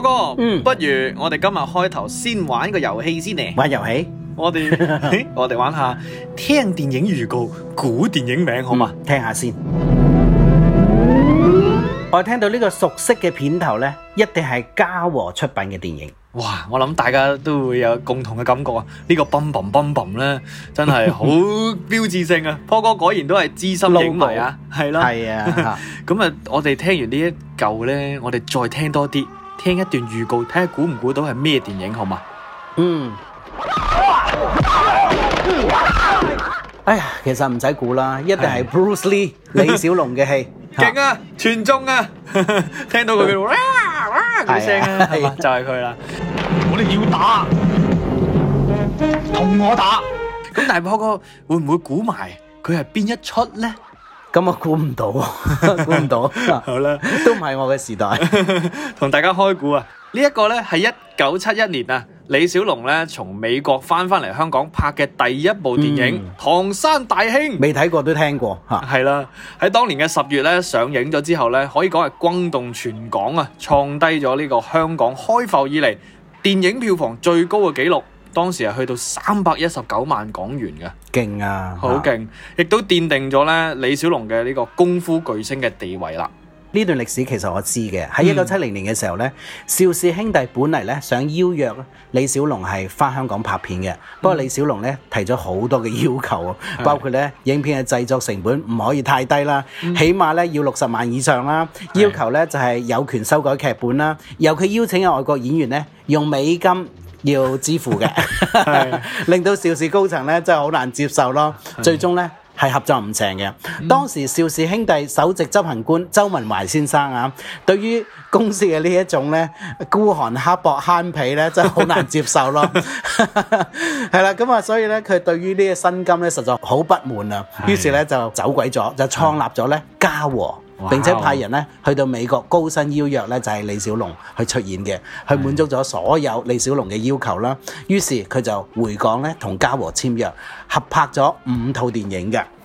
哥，不如我哋今日開頭先玩個遊戲先嚟。玩遊戲，我哋我哋玩下聽電影預告，估電影名好嘛？聽下先。我聽到呢個熟悉嘅片頭呢，一定係嘉禾出品嘅電影。哇！我諗大家都會有共同嘅感覺啊！呢個 boom boom boom boom 呢，真係好標誌性啊！波哥果然都係資深影迷啊，係咯，係啊。咁啊，我哋聽完呢一舊呢，我哋再聽多啲。聽一段預告，睇下估唔估到係咩電影好嘛？嗯，哎呀，其實唔使估啦，一定係 Bruce Lee 李小龍嘅戲。勁啊！全中啊！聽到佢嘅聲啊，係就係佢啦，我哋要打，同我打。咁大波哥會唔會估埋佢係邊一出咧？咁我估唔到，估唔到。 好啦吧， 都唔係我嘅時代，同 大家開估啊！呢一個咧係一九七一年啊，李小龍咧從美國翻返嚟香港拍嘅第一部電影《嗯、唐山大兄》，未睇過都聽過吓。係啦， 喺當年嘅十月咧上映咗之後咧，可以講係轟動全港啊，創低咗呢個香港開埠以嚟電影票房最高嘅紀錄。當時係去到三百一十九萬港元嘅，勁啊，好勁，亦都奠定咗咧李小龍嘅呢個功夫巨星嘅地位啦。呢段歷史其實我知嘅，喺一九七零年嘅時候咧，邵氏、嗯、兄弟本嚟咧想邀約李小龍係返香港拍片嘅，嗯、不過李小龍咧提咗好多嘅要求，嗯、包括咧影片嘅製作成本唔可以太低啦，嗯、起碼咧要六十萬以上啦，嗯、要求咧就係、是、有權修改劇本啦，由佢邀請嘅外國演員咧用美金，要支付嘅， 令到邵氏高層咧真係好難接受咯。是的最終呢，係合作唔成嘅。嗯、當時邵氏兄弟首席執行官周文懷先生啊，對於公司嘅呢一種孤寒刻薄慳皮呢，真係好難接受咯。係啦，咁啊，所以呢，佢對於呢啲薪金呢，實在好不滿啊。於是呢的，是就走鬼咗，就創立咗呢嘉禾。並且派人咧去到美國高薪邀約就係李小龍去出演嘅，去滿足咗所有李小龍嘅要求啦。於是佢就回港咧同嘉禾簽約，合拍咗五套電影嘅。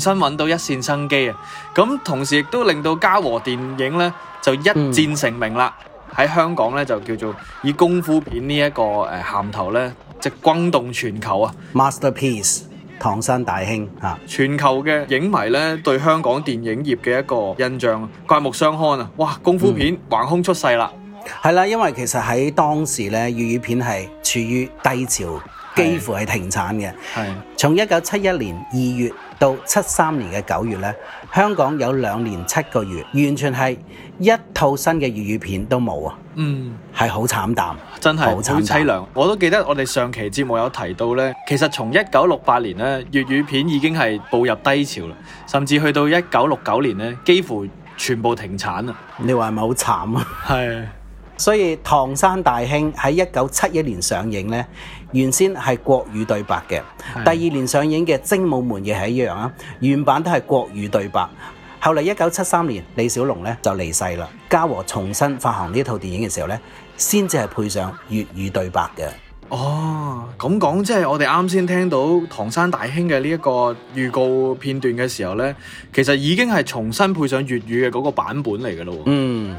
新揾到一線生機啊！咁同時亦都令到嘉禾電影咧就一戰成名啦。喺、嗯、香港咧就叫做以功夫片、這個呃、銜呢一個誒銜頭咧，即係轟動全球啊！Masterpiece《Master piece, 唐山大兄》吓、啊，全球嘅影迷咧對香港電影業嘅一個印象，刮目相看啊！哇，功夫片橫空出世啦！係啦、嗯，因為其實喺當時咧粵語，語片係處於低潮，幾乎係停產嘅。係從一九七一年二月。到七三年嘅九月呢，香港有兩年七個月，完全係一套新嘅粵語片都冇啊！嗯，係好慘淡，真係好淒涼。我都記得我哋上期節目有提到呢，其實從一九六八年呢，粵語片已經係步入低潮啦，甚至去到一九六九年呢，幾乎全部停產啦。你話係咪好慘啊？係。所以《唐山大兄》喺一九七一年上映呢，原先係國語對白嘅。的第二年上映嘅《精武門》亦係一樣啊，原版都係國語對白。後嚟一九七三年李小龍呢就離世啦，嘉禾重新發行呢套電影嘅時候呢，先至係配上粵語對白嘅。哦，咁講即係我哋啱先聽到《唐山大兄》嘅呢一個預告片段嘅時候呢，其實已經係重新配上粵語嘅嗰個版本嚟嘅咯。嗯。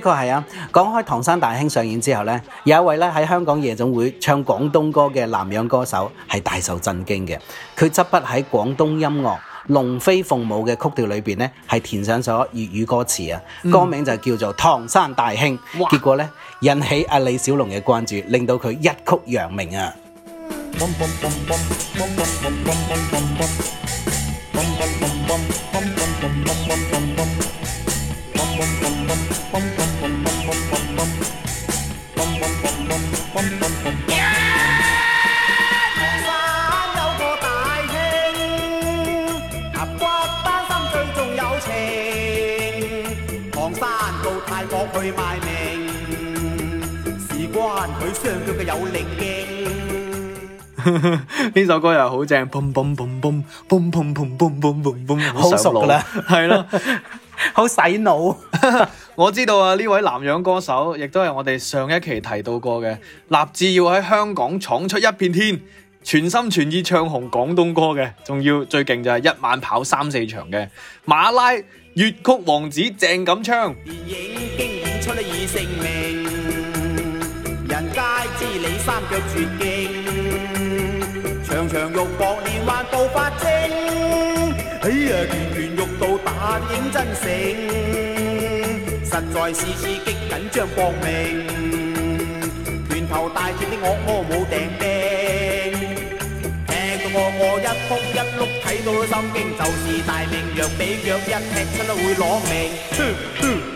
的確係啊，講開《唐山大兄》上演之後咧，有一位咧喺香港夜總會唱廣東歌嘅南洋歌手係大受震驚嘅，佢執筆喺廣東音樂《龍飛鳳舞》嘅曲調裏邊咧，係填上咗粵語歌詞啊，歌名就叫做《唐山大兄》，結果咧引起阿李小龍嘅關注，令到佢一曲揚名啊。佢有力嘅呢首歌又好正，好熟噶啦，係咯，好洗腦。 我, 我知道啊，呢位南洋歌手，亦都係我哋上一期提到過嘅，立志要喺香港闖出一片天，全心全意唱紅廣東歌嘅，仲要最勁就係一晚跑三四場嘅馬拉粵曲王子鄭錦昌。你三腳絕勁，長長肉搏連環到發精。哎呀，拳拳欲到打影真醒，實在是刺激緊張搏命。拳頭大鐵的惡魔冇定定，踢到我我一撲一碌，睇到都心驚，就是大命。若畀腳一踢，親都會攞命。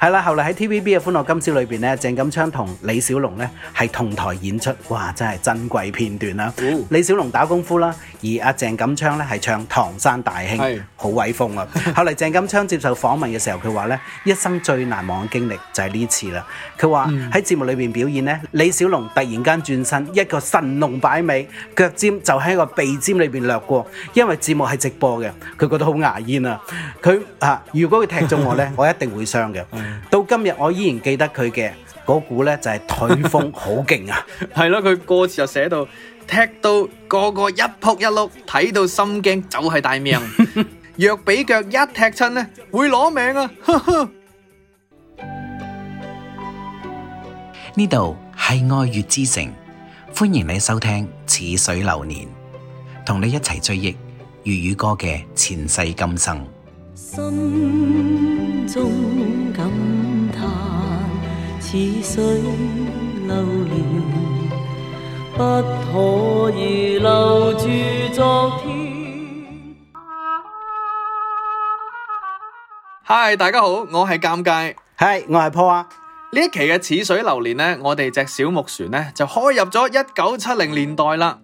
係啦，後嚟喺 TVB 嘅《歡樂今宵》裏邊咧，鄭錦昌同李小龍咧係同台演出，哇，真係珍貴片段啦、啊！哦、李小龍打功夫啦，而阿鄭錦昌咧係唱《唐山大兄》，好是威風啊！後嚟鄭錦昌接受訪問嘅時候，佢話咧，一生最難忘嘅經歷就係呢次啦。佢話喺節目裏邊表演咧，李小龍突然間轉身一個神龍擺尾，腳尖就喺個鼻尖裏邊掠過，因為節目係直播嘅，佢覺得好牙煙啊！佢啊，如果佢踢中我咧，我一定會傷嘅。 到今日我依然記得佢嘅嗰股呢，就係、是、腿風好勁 啊！係咯、 啊，佢歌詞就寫到踢到個個一扑一碌，睇到心驚就係大命， 若俾腳一踢親呢，會攞命啊！呢度係愛粵之城，歡迎你收聽《似水流年》，同你一齊追憶粵語歌嘅前世今生。似水流年，不可以留住昨天。嗨，大家好，我係尷尬。Hi 我係 Paul 啊。呢一期嘅《似水流年》呢，我哋隻小木船呢就開入咗一九七零年代啦。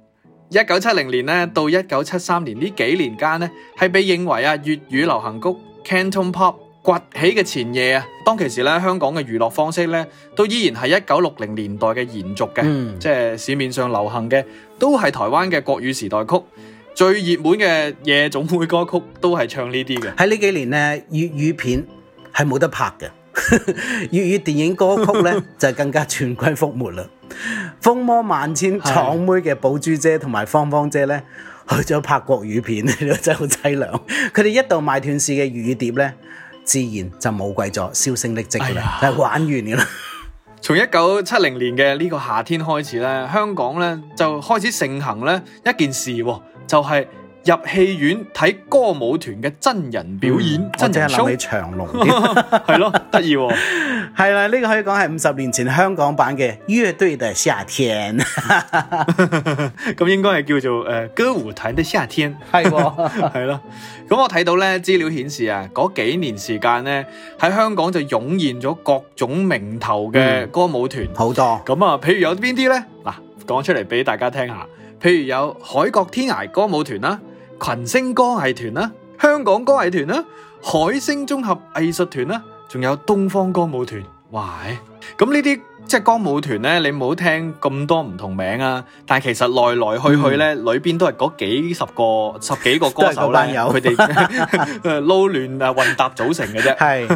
一九七零年呢到一九七三年呢幾年間呢，係被認為啊粵語流行曲 （Canton Pop） 崛起嘅前夜啊，當其時咧，香港嘅娛樂方式咧，都依然係一九六零年代嘅延續嘅，嗯、即係市面上流行嘅都係台灣嘅國語時代曲，最熱門嘅夜總會歌曲都係唱呢啲嘅。喺呢幾年咧，粵語片係冇得拍嘅， 粵語電影歌曲咧 就更加全歸覆沒啦。風魔萬千廠妹嘅寶珠姐同埋芳芳姐咧去咗拍國語片， 真係好淒涼。佢 哋一度賣斷市嘅粵語碟咧。自然就冇鬼咗，銷聲匿跡啦，就、哎、呀玩完嘅啦。從一九七零年嘅呢個夏天開始呢，香港呢就開始盛行呢一件事，就係、是。入戲院睇歌舞團嘅真人表演，真正諗起長隆添，係咯，得意，係啦，呢個可以講係五十年前香港版嘅《樂隊的夏天》，咁應該係叫做誒《歌舞團的夏天》，係，係咯。咁我睇到咧資料顯示啊，嗰幾年時間咧喺香港就湧現咗各種名頭嘅歌舞團，好多。咁啊，譬如有邊啲咧？嗱，講出嚟俾大家聽下，譬如有海角天涯歌舞團啦。群星歌藝團啦，香港歌藝團啦，海星綜合藝術團啦，仲有東方歌舞團。喂，咁呢啲即係歌舞團咧，你唔好聽咁多唔同名啊，但係其實來來去去咧，裏邊都係嗰幾十個、十幾個歌手啦，由佢哋撈亂啊混搭組成嘅啫。係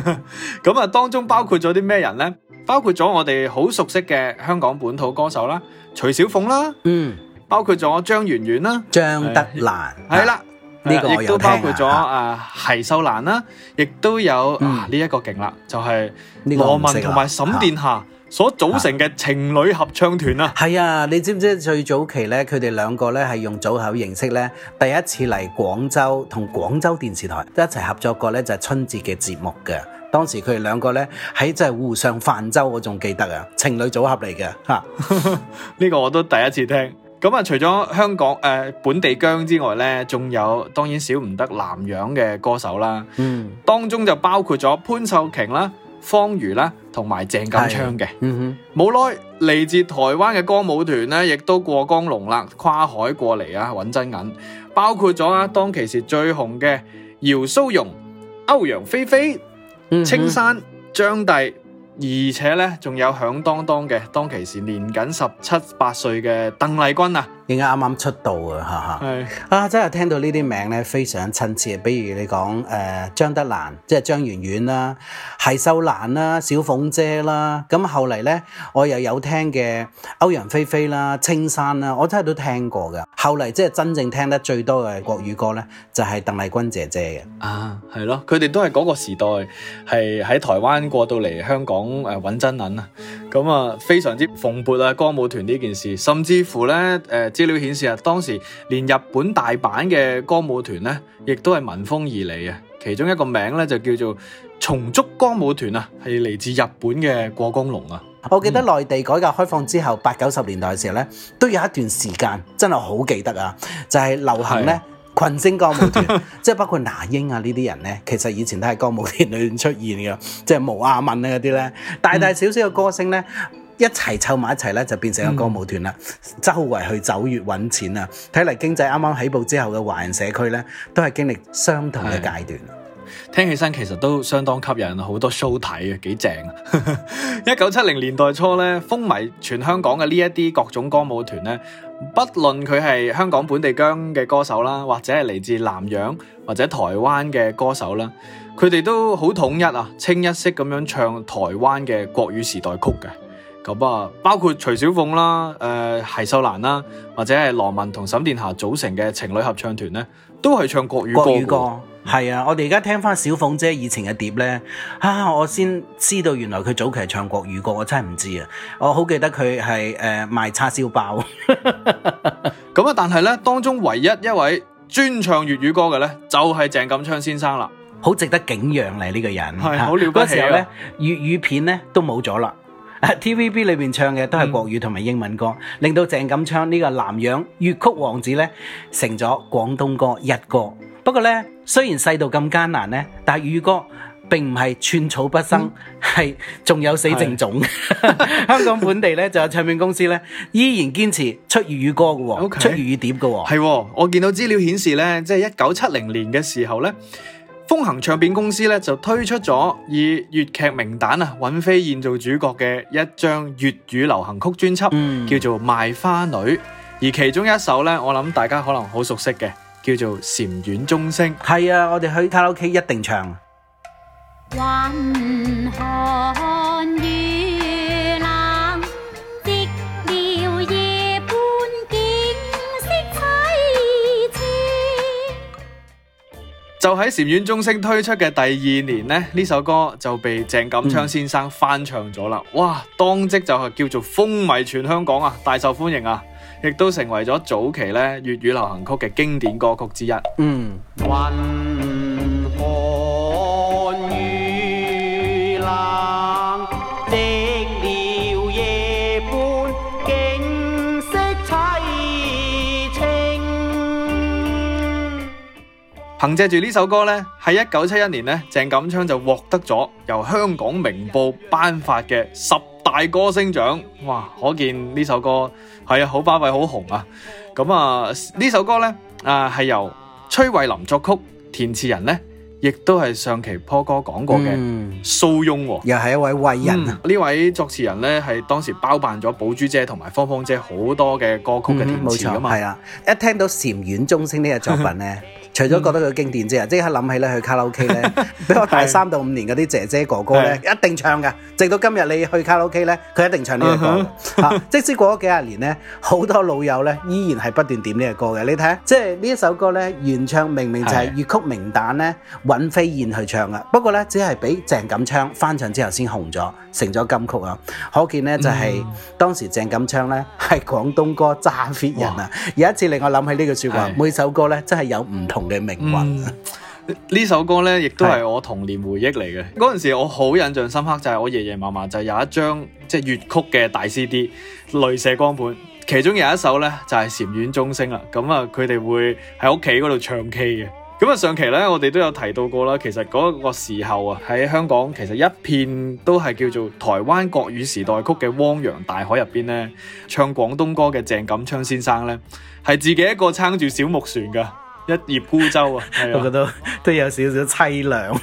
咁啊，當中包括咗啲咩人咧？包括咗我哋好熟悉嘅香港本土歌手啦，徐小鳳啦，嗯。包括咗張圓圓啦，張德蘭係啦，呢個亦都包括咗啊，奚、啊、秀蘭啦，亦都有、嗯、啊。呢、這、一個勁啦，就係、是、羅文同埋沈殿霞所組成嘅情侶合唱團啊！係啊，啊你知唔知最早期咧，佢哋兩個咧係用組合形式咧，第一次嚟廣州同廣州電視台一齊合作過咧，就係、是、春節嘅節目嘅。當時佢哋兩個咧喺即係互相泛舟，我仲記得侶啊，情侶組合嚟嘅嚇。呢個我都第一次聽。咁啊，除咗香港、呃、本地薑之外呢，仲有當然少唔得南洋嘅歌手啦。嗯，當中就包括咗潘秀瓊啦、方瑜啦，同埋鄭錦昌嘅。嗯哼，冇耐嚟自台灣嘅歌舞團呢，亦都過江龍啦，跨海過嚟啊，揾真銀。包括咗啊，當其時最紅嘅姚蘇蓉、歐陽菲菲、嗯哼，青山、張帝。而且呢，仲有響當當嘅當其時年僅十七八歲嘅鄧麗君啊！應該啱啱出道哈哈。是啊！吓吓，啊真係聽到呢啲名咧，非常親切。比如你講誒、呃、張德蘭，即係張媛媛啦，係秀蘭啦，小鳳姐啦。咁、啊、後嚟咧，我又有聽嘅歐陽菲菲啦、青山啦，我真係都聽過嘅。後嚟即係真正聽得最多嘅國語歌咧，就係、是、鄧麗君姐姐嘅。啊，係咯，佢哋都係嗰個時代，係喺台灣過到嚟香港誒搵、呃、真銀啊！咁啊，非常之蓬勃啊，歌舞團呢件事，甚至乎咧誒。呃資料顯示啊，當時連日本大阪嘅歌舞團咧，亦都係聞風而嚟啊。其中一個名咧就叫做松竹歌舞團啊，係嚟自日本嘅過江龍啊。我記得內地改革開放之後，嗯、八九十年代嘅時候咧，都有一段時間真係好記得啊，就係、是、流行咧是群星歌舞團，即係 包括那英啊呢啲人咧，其實以前都係歌舞團裏面出現嘅，即係毛阿敏啊啲咧，大大小小嘅歌星咧。嗯一齊湊埋一齊咧，就變成一個歌舞團啦。嗯、周圍去走穴揾錢啊！睇嚟經濟啱啱起步之後嘅華人社區咧，都係經歷相同嘅階段。聽起身其實都相當吸引，好多 show 睇嘅幾正。一九七零年代初咧，風靡全香港嘅呢一啲各種歌舞團咧，不論佢係香港本地薑嘅歌手啦，或者係嚟自南洋或者台灣嘅歌手啦，佢哋都好統一啊，清一色咁樣唱台灣嘅國語時代曲嘅。咁啊、嗯，包括徐小鳳啦、誒、呃、奚秀蘭啦，或者係羅文同沈殿霞組成嘅情侶合唱團咧，都係唱國語歌。國語歌係啊，我哋而家聽翻小鳳姐以前嘅碟咧，啊，我先知道原來佢早期係唱國語歌，我真係唔知啊！我好記得佢係誒賣叉燒包。咁 啊、嗯，但係咧當中唯一一位專唱粵語歌嘅咧，就係鄭錦昌先生啦，好值得景仰你、啊、呢、這個人。係，好了不起啊！嗰時候咧粵語片咧都冇咗啦。TVB 裏面唱嘅都係國語同埋英文歌，嗯、令到鄭錦昌呢個南洋粵曲王子呢，成咗廣東歌一哥。不過呢，雖然世道咁艱難呢，但粵歌並唔係寸草不生，係仲、嗯、有死剩種。是 香港本地呢，就有唱片公司呢，依然堅持出粵語，語歌嘅，Okay. 出粵語，語碟嘅。係、哦，我見到資料顯示呢，即係一九七零年嘅時候呢。風行唱片公司咧，就推出咗以粵劇名旦啊尹飛燕做主角嘅一張粵語流行曲專輯，叫做《賣花女》，而其中一首咧，我諗大家可能好熟悉嘅，叫做《禪院鐘聲》。係啊，我哋去卡拉 OK 一定唱。晚寒雨。就喺《禪院鐘聲》推出嘅第二年呢，呢首歌就被鄭錦昌先生翻唱咗啦！哇，當即就係叫做風靡全香港啊，大受歡迎啊，亦都成為咗早期呢粵語流行曲嘅經典歌曲之一。嗯 o 憑借住呢首歌咧，喺一九七一年咧，鄭錦昌就獲得咗由香港明報頒發嘅十大歌星獎。哇，可見呢首歌係啊好巴閉、好紅啊！咁啊，呢首歌咧啊係由崔惠林作曲，填詞人咧亦都係上期坡哥講過嘅蘇翁，又係一位偉人啊！呢位作詞人咧係當時包辦咗寶珠姐同埋芳芳姐好多嘅歌曲嘅填詞噶嘛，係啊！一聽到《禪院鐘聲》呢個作品咧。除咗覺得佢經典之外，即刻諗起咧去卡拉 OK 咧， 比我大三到五年嗰啲姐姐哥哥咧一定唱嘅。 直到今日你去卡拉 OK 咧，佢一定唱呢個歌、 啊。即使過咗幾十年咧，好多老友咧依然係不斷點呢個歌嘅。你睇，即係呢一首歌咧原唱明明就係粵曲名旦咧的尹飛燕去唱嘅，不過咧只係俾鄭錦昌翻唱之後先紅咗，成咗金曲啊！可見咧、嗯、就係當時鄭錦昌咧係廣東歌揸飛人啊！哇有一次令我諗起呢句説話：的每首歌咧真係有唔同嘅命運，呢、嗯、首歌咧，亦都係我童年回憶嚟嘅。嗰陣是時我好印象深刻，就係、是、我爺爺嫲嫲就有一張即係粵、就是、曲嘅大 CD 鐳射光盤，其中有一首咧就係、是《禪院鐘聲》啦。咁、嗯、啊，佢哋會喺屋企嗰度唱 K 嘅。咁、嗯、啊，上期咧我哋都有提到過啦。其實嗰個時候啊，喺香港其實一片都係叫做台灣國語時代曲嘅汪洋大海入邊咧，唱廣東歌嘅鄭錦昌先生咧，係自己一個撐住小木船噶。一葉孤舟啊， 我覺得都有少少凄涼。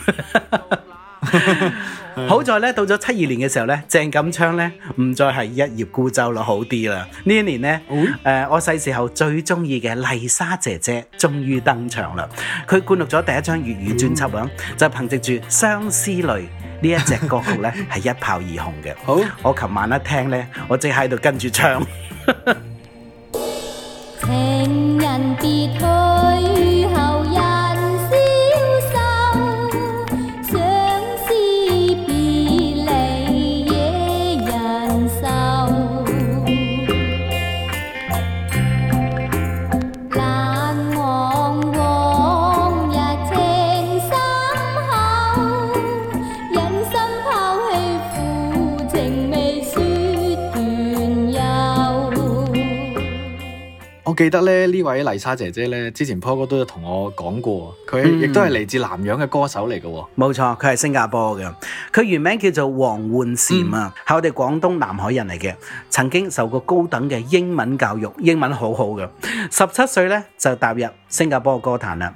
好在咧，到咗七二年嘅時候咧，鄭錦昌咧唔再係一葉孤舟咯，好啲啦。呢一年呢，誒、嗯呃，我細時候最中意嘅麗莎姐姐終於登場啦。佢灌錄咗第一張粵語專輯啊，嗯嗯、就憑藉住《相思淚》呢一隻歌曲咧，係一炮而紅嘅。好，我琴晚一聽咧，我即喺度跟住唱。情人別去後日。記得呢位麗莎姐姐咧，之前波哥都有同我講過，佢、嗯、亦都係嚟自南洋嘅歌手嚟嘅、哦。冇錯，佢係新加坡嘅，佢原名叫做黃煥嬋啊，係、嗯、我哋廣東南海人嚟嘅，曾經受過高等嘅英文教育，英文好好嘅，十七歲呢，就踏入新加坡嘅歌壇啦。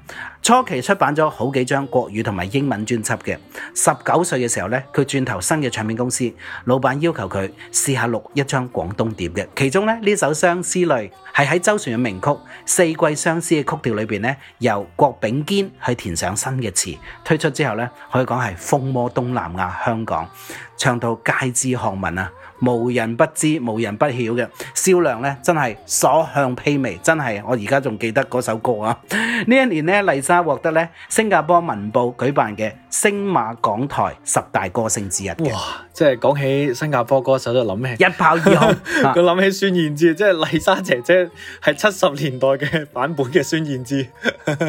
初期出版咗好幾張國語同埋英文專輯嘅，十九歲嘅時候咧，佢轉投新嘅唱片公司，老闆要求佢試下錄一張廣東碟嘅。其中咧呢這首《相思淚》係喺周璇嘅名曲《四季相思》嘅曲調裏面，咧，由郭炳堅去填上新嘅詞，推出之後咧，可以講係風靡東南亞、香港，唱到街知巷聞啊！無人不知，無人不曉嘅銷量咧，真係所向披靡，真係我而家仲記得嗰首歌啊！呢 一年咧，麗莎獲得咧新加坡文報舉辦嘅星馬港台十大歌星之一嘅。哇！即係講起新加坡歌手，就諗起一炮而紅，佢諗 起孫燕姿， 即係麗莎姐姐係七十年代嘅版本嘅孫燕姿。 的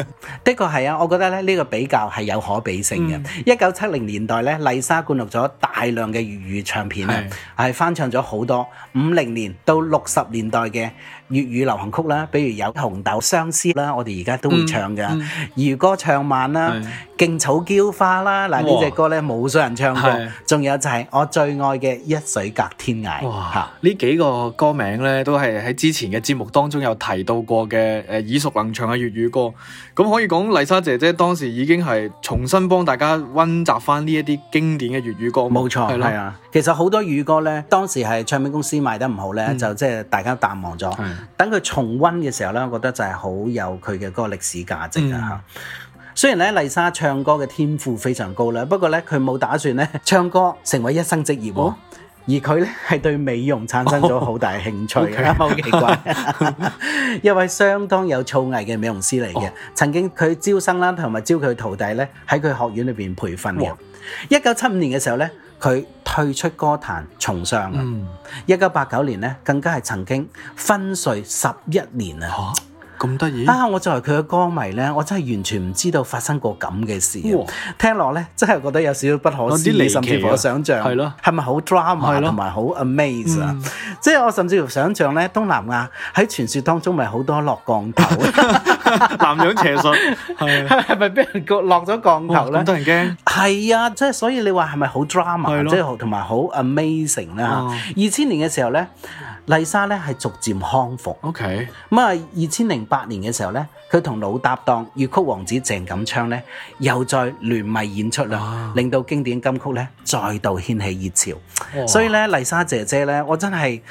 確係啊，我覺得咧呢個比較係有可比性嘅。一九七零年代咧，麗莎灌錄咗大量嘅粵語唱片啊，係是翻唱咗好多，五零年到六十年代嘅，粵語流行曲啦，比如有《紅豆相思》啦，我哋而家都會唱嘅，嗯《漁、嗯、歌唱晚》啦的，《勁草嬌花》啦哇，嗱呢隻歌咧冇衰人唱過，仲的有就係我最愛嘅《一水隔天涯》。哇！呢的幾個歌名咧，都係喺之前嘅節目當中有提到過嘅，誒耳熟能詳嘅粵語歌。咁可以講麗莎姐姐當時已經係重新幫大家溫習翻呢一啲經典嘅粵語歌，冇錯錯，係啦、啊，其實好多粵歌呢，當時係唱片公司賣得唔好呢，嗯、就即係大家淡忘咗。是等佢重溫嘅時候呢，我覺得就係好有佢嘅嗰個歷史價值啊！嗯、雖然咧麗莎唱歌嘅天賦非常高啦，不過呢，佢冇打算呢，唱歌成為一生職業、啊。哦而佢咧係對美容產生咗好大興趣，好奇怪！一位相當有造詣嘅美容師嚟嘅，oh. 曾經佢招生啦，同埋招佢徒弟咧，喺佢學院裏邊培訓嘅。一九七五年嘅時候咧，佢退出歌壇從商。一九八九年咧，更加係曾經昏睡十一年啊！Oh. 咁得意啊！我作為佢嘅歌迷咧，我真係完全唔知道發生過咁嘅事。哦、聽落咧，真係覺得有少少不可思議，有啊、甚至乎我想象係咯，係咪好 drama 同埋好 amaze 啊、嗯？即係我甚至乎想象咧，東南亞喺傳説當中咪好多落降頭，嗯、 南洋邪術係係咪俾人落咗降頭咧？咁突然驚係啊！即係所以你話係咪好 drama？即係同埋好 amazing 咧。二千年嘅時候咧。麗莎咧逐漸康復，OK，咁啊，二千零八年嘅時候呢，佢同老搭檔粵曲王子鄭錦昌咧又再聯袂演出啦，oh. 令到經典金曲咧再度掀起熱潮，oh. 所以咧麗莎姐姐咧，我真係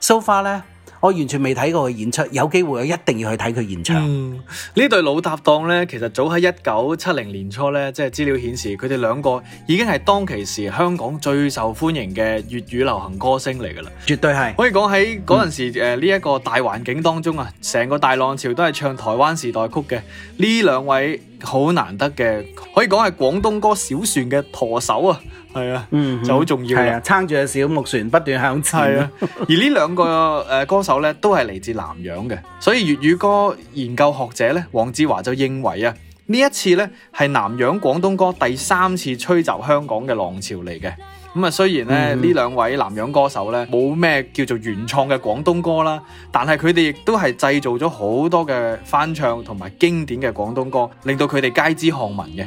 So far 咧。So 我完全未睇過佢演出，有機會我一定要去睇佢現場。呢、嗯、對老搭檔呢，其實早喺一九七零年初呢，即係資料顯示佢哋兩個已經係當其時香港最受歡迎嘅粵語流行歌星嚟㗎啦，絕對係。可以講喺嗰陣時呢一、嗯呃這個大環境當中啊，成個大浪潮都係唱台灣時代曲嘅，呢兩位好難得嘅，可以講係廣東歌小船嘅舵手啊！係啊，嗯、哼就好重要。係啊，撐住隻小木船不斷向砌咯。啊、 而呢兩個誒歌手咧，都係嚟自南洋嘅，所以粵語歌研究學者咧，黃志華就認為啊，呢一次咧係南洋廣東歌第三次吹襲香港嘅浪潮嚟嘅。咁、嗯、啊，雖然咧呢、嗯、兩位南洋歌手咧冇咩叫做原創嘅廣東歌啦，但係佢哋亦都係製造咗好多嘅翻唱同埋經典嘅廣東歌，令到佢哋街知巷聞嘅。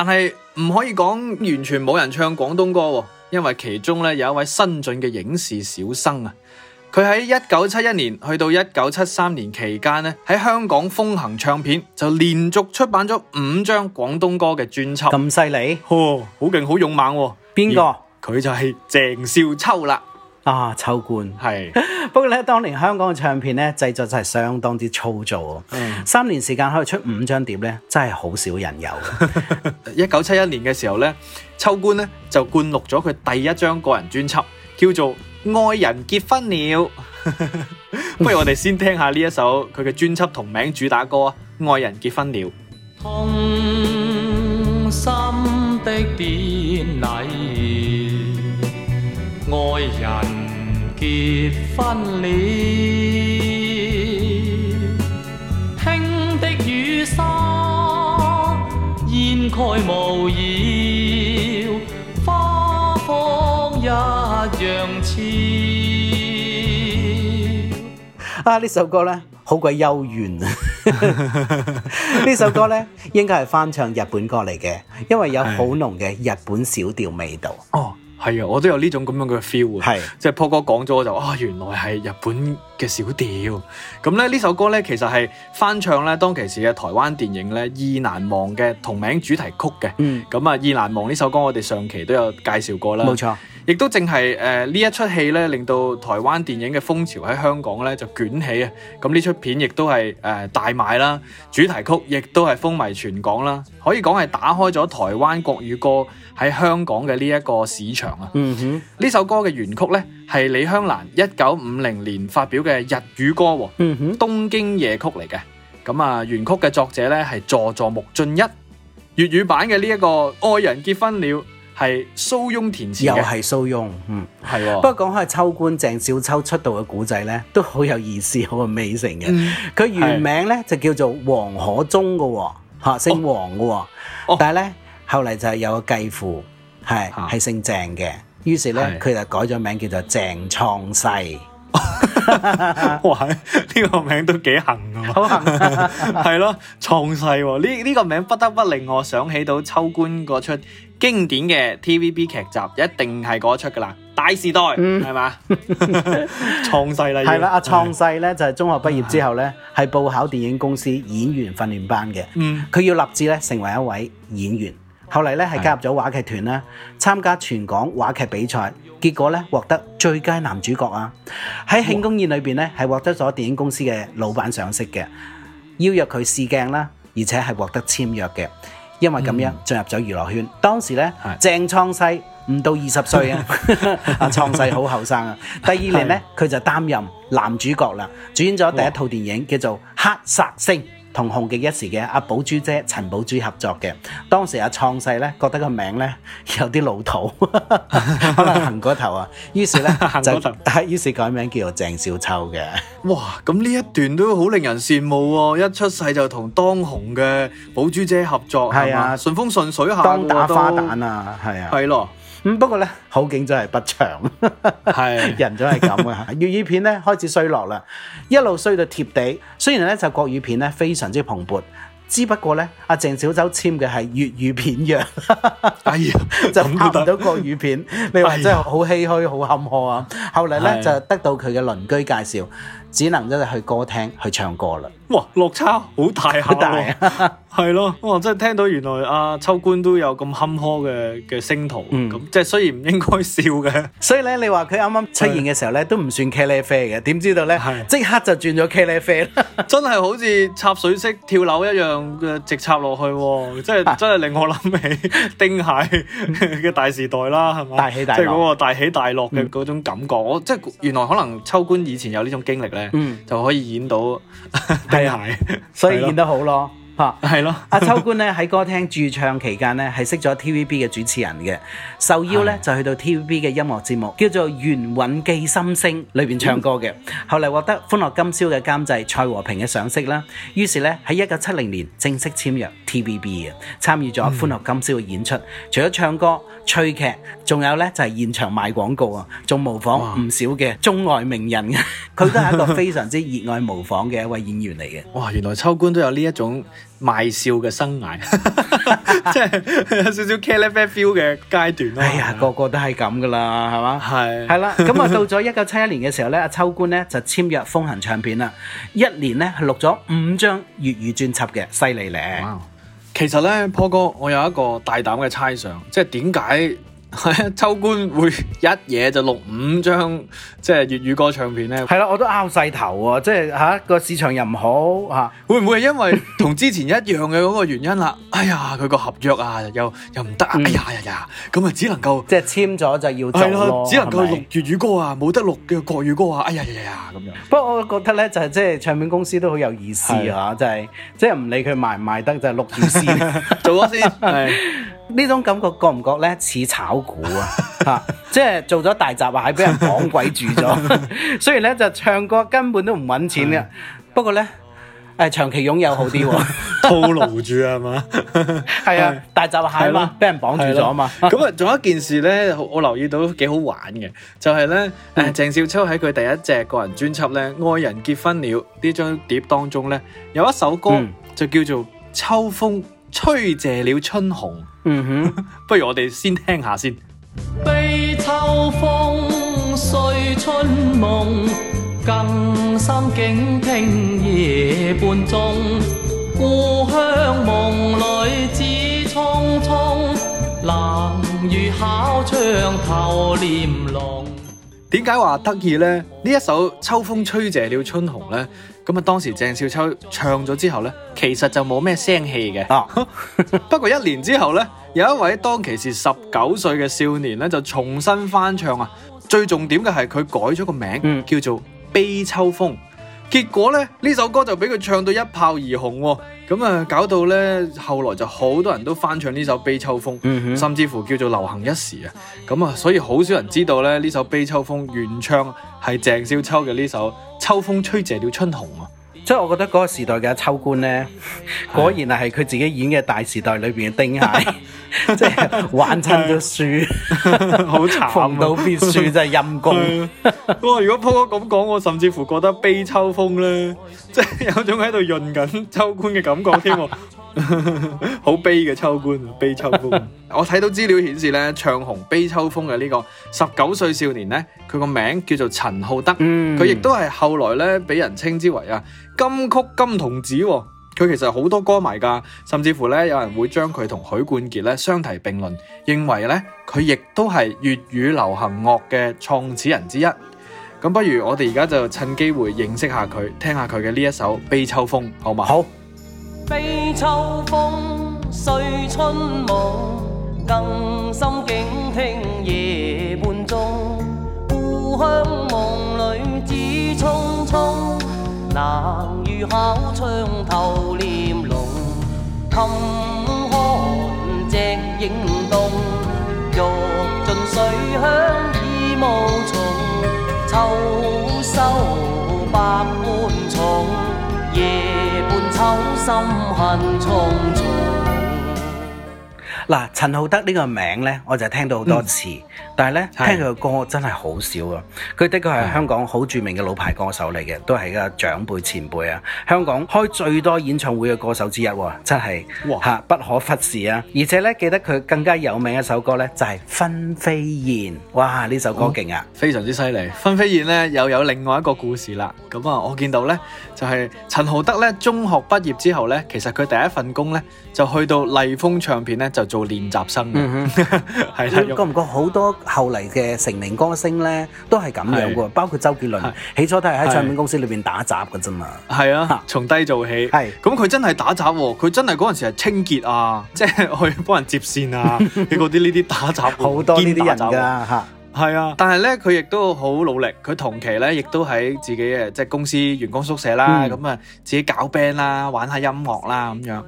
但係唔可以講完全冇人唱廣東歌，因為其中有一位新晉嘅影視小生啊，佢喺一九七一年去到一九七三年期間呢，喺香港風行唱片就連續出版咗五張廣東歌嘅專輯，咁犀利，哦，好勁，好勇猛啊，邊個？佢就係鄭少秋啦。啊！秋官，係是，不過咧，當年香港嘅唱片咧，製作真係相當之粗糙，嗯、三年時間可以出五張碟咧，真係好少人有。一九七一年嘅時候咧，秋官咧就灌錄咗佢第一張個人專輯，叫做《愛人結婚了》。 不如我哋先聽下呢一首佢嘅專輯同名主打歌《 愛人結婚了》。痛 心的典愛人結婚了，輕的雨沙，煙蓋無擾，花芳一樣俏。啊！呢首歌咧，好鬼幽怨啊！呢首歌咧，應該係翻唱日本歌嚟嘅，因為有好濃嘅日本小調味道。哦。係啊，我都有呢種咁樣嘅 feel，即係 Paul 哥講咗我就，啊、哦，原來係日本嘅小調。咁咧呢首歌咧，其實係翻唱咧當其時嘅台灣電影咧《意難忘》嘅同名主題曲嘅。咁啊、嗯，《意難忘》呢首歌我哋上期都有介紹過啦。冇錯，亦都淨係誒呢一出戲咧，令到台灣電影嘅風潮喺香港咧就捲起啊。咁呢出片亦都係誒大賣啦，主題曲亦都係風靡全港啦。可以講係打開咗台灣國語歌喺香港嘅呢一個市場啊，呢、嗯、哼首歌嘅原曲呢，係李香蘭一九五零年發表嘅日語歌，嗯、哼東京夜曲嚟嘅。咁啊，原曲嘅作者呢，係座座木俊一，粵語版嘅呢一個《愛人結婚了》係蘇翁填詞，又係蘇翁。嗯，係、哦、不過講開秋官鄭少秋出道嘅古仔呢，都好有意思，好有味性嘅。佢、嗯、原名呢，是就叫做黃可中嘅，嚇、啊，姓黃嘅，哦哦、但係呢。後嚟就係有個繼父，係係、嗯、姓鄭嘅，於是咧佢是就改咗名叫做鄭創世， 哇！呢、這個名都幾幸㗎，好幸啊！係咯很行， 創世呢、啊、呢、這個名不得不令我想起到秋官嗰出經典嘅 TVB 劇集，一定係嗰出㗎啦，《大時代》係嘛、嗯是吧 創世啦，係啦！阿創世咧就係、是、中學畢業之後咧，係報考電影公司演員訓練班嘅，佢、嗯、要立志咧成為一位演員。後嚟咧係加入咗話劇團啦，參加全港話劇比賽，結果咧獲得最佳男主角啊！喺慶功宴裏邊咧係獲得咗電影公司嘅老闆賞識嘅，邀約佢試鏡啦，而且係獲得簽約嘅，因為咁樣進入咗娛樂圈。當時咧鄭創世唔到二十歲啊，阿創世好後生啊。第二年咧佢就擔任男主角啦，主演咗第一套電影叫做《黑煞星》。同紅極一時嘅阿寶珠姐陳寶珠合作嘅，當時阿創世呢覺得個名呢有啲老土， 可能行過頭啊，於是呢於是改名叫做鄭少秋嘅。哇！咁呢一段都好令人羨慕喎、哦，一出世就同當紅嘅寶珠姐合作，係啊嗎順風順水下，當打花旦啊，係啊。嗯，不過咧，好景真係不長，係 人都係咁嘅。 粵語片咧開始衰落啦，一路衰到貼地。雖然咧就國語片咧非常之蓬勃，之不過咧阿鄭少秋簽嘅係粵語片約， 哎、呀就拍唔到國語片，哎、呀你話真係好唏噓，好、哎、呀坎坷啊！後嚟咧的就得到佢嘅鄰居介紹，只能一係去歌廳去唱歌啦。哇，落差好大下，係咯，哇！真係聽到原來阿秋官都有咁坎坷嘅嘅星途，咁即係雖然唔應該笑嘅。所以咧，你話佢啱啱出現嘅時候咧，都唔算茄喱啡嘅，點知道咧，即刻就轉咗茄喱啡，真係好似插水式跳樓一樣嘅，直插落去，真係真係令我諗起丁蟹嘅大時代啦，係咪？大起大即係嗰個大起大落嘅嗰種感覺，我即係原來可能秋官以前有呢種經歷咧，就可以演到。係，所以演得好咯。係咯，阿、 啊、秋官咧喺歌廳駐唱期間咧，係識咗 TVB 嘅主持人嘅，受邀咧就去到 TVB 嘅音樂節目，叫做《袁韻寄心聲》裏邊唱歌嘅。嗯、後嚟獲得《歡樂今宵》嘅監制蔡和平嘅賞識啦，於是咧喺一九七零年正式簽約 TVB 嘅，參與咗《歡樂今宵》嘅演出。嗯、除咗唱歌、趣劇，仲有咧就係、是、現場賣廣告啊，仲模仿唔少嘅中外名人。佢都係一個非常之熱愛模仿嘅一位演員嚟嘅。哇，原來秋官都有呢一種。賣笑嘅生涯， 即係有少少 carefree feel 嘅階段、啊、 哎呀，個個都係咁噶啦，係嘛？係係啦。咁、嗯、啊，到咗一九七一年嘅時候咧，阿秋官咧就簽約風行唱片啦。一年咧係錄咗五張粵語專輯嘅，犀利咧。Wow. 其實咧，Paul 哥，我有一個大膽嘅猜想，即係點解？係啊，秋官 會一嘢就錄五張即係粵語歌唱片咧。係啦、啊，我都拗細頭啊，即係吓個市場又唔好吓。啊、 會唔會係因為同之前一樣嘅嗰個原因啦、啊？哎呀，佢個合約啊，又又唔得啊！哎呀呀、嗯哎、呀，咁啊只能夠即係簽咗就要走、哎、只能夠錄粵語歌啊，冇得錄嘅國語歌啊！哎呀哎呀呀咁樣。不過我覺得咧，就係即係唱片公司都好有意思啊，就係即係唔理佢賣唔賣得，就係錄件事，做、就、咗、是、先係。呢種感覺覺唔覺咧似炒股啊？嚇 即係做咗大閘蟹俾人綁鬼住咗， 所以咧就唱歌根本都唔揾錢嘅。 不過咧，誒長期擁有好啲喎、啊， 套路住係嘛？係啊，大閘蟹嘛，俾人綁住咗嘛。咁啊，仲 有一件事咧，我留意到幾好玩嘅，就係、是、咧，誒鄭少秋喺佢第一隻個人專輯咧《愛人結婚了》呢張碟當中咧，有一首歌就、嗯嗯、叫做《秋風》。吹謝了春紅，嗯哼、mm，hmm. 不如我哋先聽下先。悲秋風，碎春夢，更深靜聽夜半鐘。故鄉夢裏自匆匆，冷雨敲窗，透簾櫳。點解話得意呢？呢一首《秋風吹謝了春紅》呢。咁啊，當時鄭少秋唱咗之後咧，其實就冇咩聲氣嘅。啊、 不過一年之後呢，有一位當其時十九歲嘅少年呢，就重新翻唱啊。最重點嘅係佢改咗個名，嗯、叫做《悲秋風》。結果咧呢首歌就俾佢唱到一炮而紅喎，哦，咁啊搞到咧後來就好多人都翻唱呢首《悲秋風》，嗯、哼甚至乎叫做流行一時啊，咁啊所以好少人知道咧呢首《悲秋風》原唱係鄭少秋嘅呢首《秋風吹謝了春紅》啊，所以我覺得嗰個時代嘅秋官咧， 果然係佢自己演嘅《大時代》裡面裏邊嘅丁蟹。即係 玩親都輸，好慘啊！碰到必輸 真係陰公。哇！如果 Paul 哥咁講，我甚至乎覺得悲秋風咧， 即係有種喺度潤緊秋官嘅感覺添， 好悲嘅秋官，悲秋官。 我睇到資料顯示咧，唱紅悲秋風嘅呢、這個十九歲少年咧，佢個名叫做陳浩德，佢亦都係後來咧俾人稱之為啊金曲金童子。佢其實好多歌迷㗎，甚至乎咧有人會將佢同許冠傑咧相提並論，認為咧佢亦都係粵語流行樂嘅創始人之一。咁不如我哋而家就趁機會認識下佢，聽下佢嘅呢一首《悲秋風》，好嗎？好。悲秋風，碎春夢，更深景聽夜半鐘，故鄉夢裏只匆匆。南雨敲窗透簾籠，衾寒隻影動。浴盡水香已無從，秋收百般重。夜半秋心恨重重。嗱，陳浩德呢個名咧，我就聽到好多次。嗯但係咧，聽佢嘅歌真係好少啊！佢的確係香港好著名嘅老牌歌手嚟嘅，都係一個長輩前輩啊！香港開最多演唱會嘅歌手之一喎，真係嚇不可忽視啊！而且咧，記得佢更加有名一首歌咧，就係《分飛燕》。哇！呢首歌勁啊，非常之犀利。《分飛燕》咧又有另外一個故事啦。咁啊，我見到咧就係陳浩德咧，中學畢業之後咧，其實佢第一份工咧就去到麗風唱片咧，就做練習生嘅。係啊，覺唔覺好多？後嚟嘅成名歌星咧，都係咁樣噶，包括周杰倫，起初都係喺唱片公司裏邊打雜噶啫嘛。係啊，從低做起。係，咁佢真係打雜喎，佢真係嗰陣時係清潔啊，即係去幫人接線啊，嗰啲呢啲打雜好多呢啲人噶嚇。係啊，但係咧佢亦都好努力，佢同期咧亦都喺自己嘅即係公司員工宿舍啦，咁啊自己搞 band 啦，玩下音樂啦咁樣，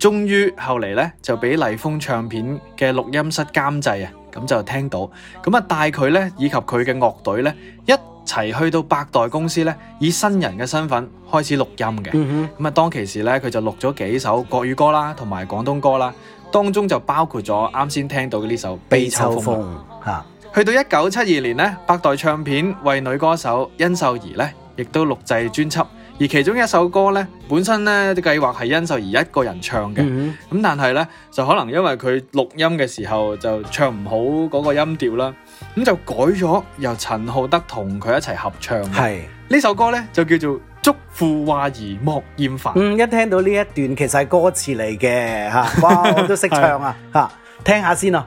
終於後嚟咧就俾麗風唱片嘅錄音室監製啊。咁就聽到，咁啊帶佢咧以及佢嘅樂隊咧一齊去到百代公司咧，以新人嘅身份開始錄音嘅。咁啊、mm hmm. 當其時咧，佢就錄咗幾首國語歌啦，同埋廣東歌啦，當中就包括咗啱先聽到嘅呢首《悲秋風》。嚇！啊、去到一九七二年呢，百代唱片為女歌手殷秀儀呢，亦都錄製專輯。而其中一首歌咧，本身咧啲計劃係甄秀儀一個人唱嘅，咁但係咧就可能因為佢錄音嘅時候就唱唔好嗰個音調啦，咁就改咗由陳浩德同佢一齊合唱。係呢首歌咧就叫做《囑咐話兒莫厭煩》。嗯，一聽到呢一段其實係歌詞嚟嘅嚇，哇，我都識唱啊嚇，聽下先啊！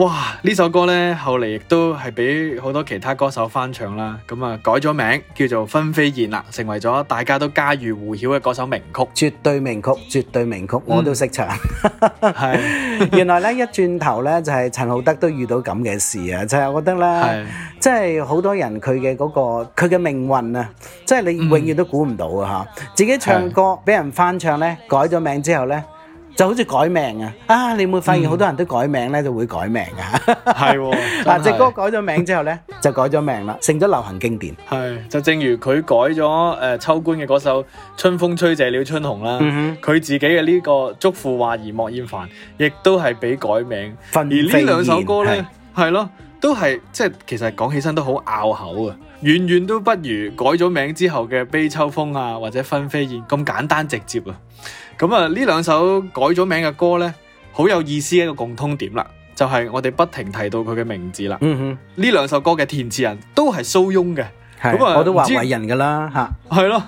哇！呢首歌呢，後嚟亦都係俾好多其他歌手翻唱啦，咁啊改咗名叫做《分飛燕》啦，成為咗大家都家喻戶曉嘅嗰首名曲，絕對名曲，絕對名曲，嗯、我都識唱。係 是原來呢，一轉頭呢，就係、是、陳浩德都遇到咁嘅事啊！就係、是、我覺得呢，即係好多人佢嘅嗰個佢嘅命運啊，即係你永遠都估唔到啊！吓、嗯，自己唱歌俾是人翻唱呢，改咗名之後呢。就好似改命啊！啊，你會發現好多人都改名咧，嗯、就會改命噶。係 喎，啊，隻歌改咗名之後咧，就改咗命啦，成咗流行經典。係，就正如佢改咗誒、呃、秋官嘅嗰首《春風吹謝了春紅》啦，佢、嗯、哼自己嘅呢個《囑咐話兒莫厭煩》亦都係俾改名，而呢兩首歌咧，係咯的。都係即係，其實講起身都好拗口啊，遠遠都不如改咗名之後嘅《悲秋風》啊，或者《分飛燕》咁簡單直接啊。咁、嗯、啊，呢兩首改咗名嘅歌呢，好有意思嘅一個共通點啦，就係、是、我哋不停提到佢嘅名字啦。嗯哼、mm，呢、hmm. 兩首歌嘅填詞人都係蘇翁嘅。咁是、嗯、我都話偉人噶啦吓，係咯，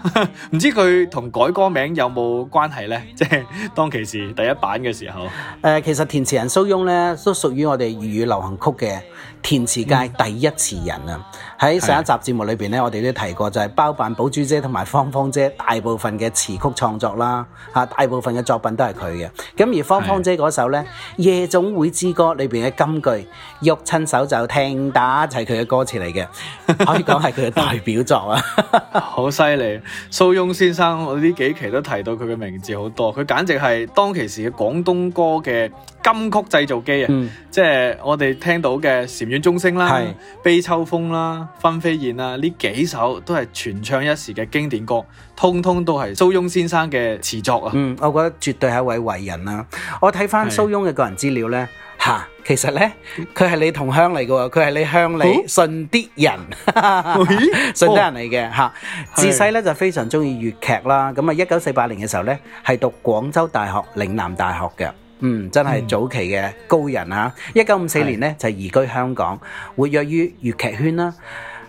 唔知佢同改歌名有冇關係呢？即 係當其時第一版嘅時候，誒、呃，其實填詞人蘇翁呢，都屬於我哋粵語流行曲嘅填詞界第一詞人啊。嗯嗯喺上一集節目裏邊咧，我哋都提過，就係包辦寶珠姐同埋芳芳姐大部分嘅詞曲創作啦，嚇大部分嘅作品都係佢嘅。咁而芳芳姐嗰首咧《夜總會之歌》裏邊嘅金句，郁親手就聽打就係佢嘅歌詞嚟嘅，可以講係佢嘅代表作啊。好犀利，蘇翁先生，我呢幾期都提到佢嘅名字好多，佢簡直係當其時嘅廣東歌嘅金曲製造機啊！即係我哋聽到嘅《禪院鐘聲》啦，《悲秋風》啦。《分飛燕》啊，呢幾首都係傳唱一時嘅經典歌，通通都係蘇翁先生嘅詞作啊。嗯，我覺得絕對係一位偉人啦，啊。我睇返蘇翁嘅個人資料呢，吓是、啊，其實呢，佢係你同鄉嚟嘅，佢係你鄉里順德人，順德人嚟嘅吓。自細呢就非常中意粵劇啦。咁啊，一九四八年嘅時候呢，係讀廣州大學、嶺南大學嘅。嗯，真係早期嘅高人啊！一九五四年咧是就移居香港，活躍於粵劇圈啦、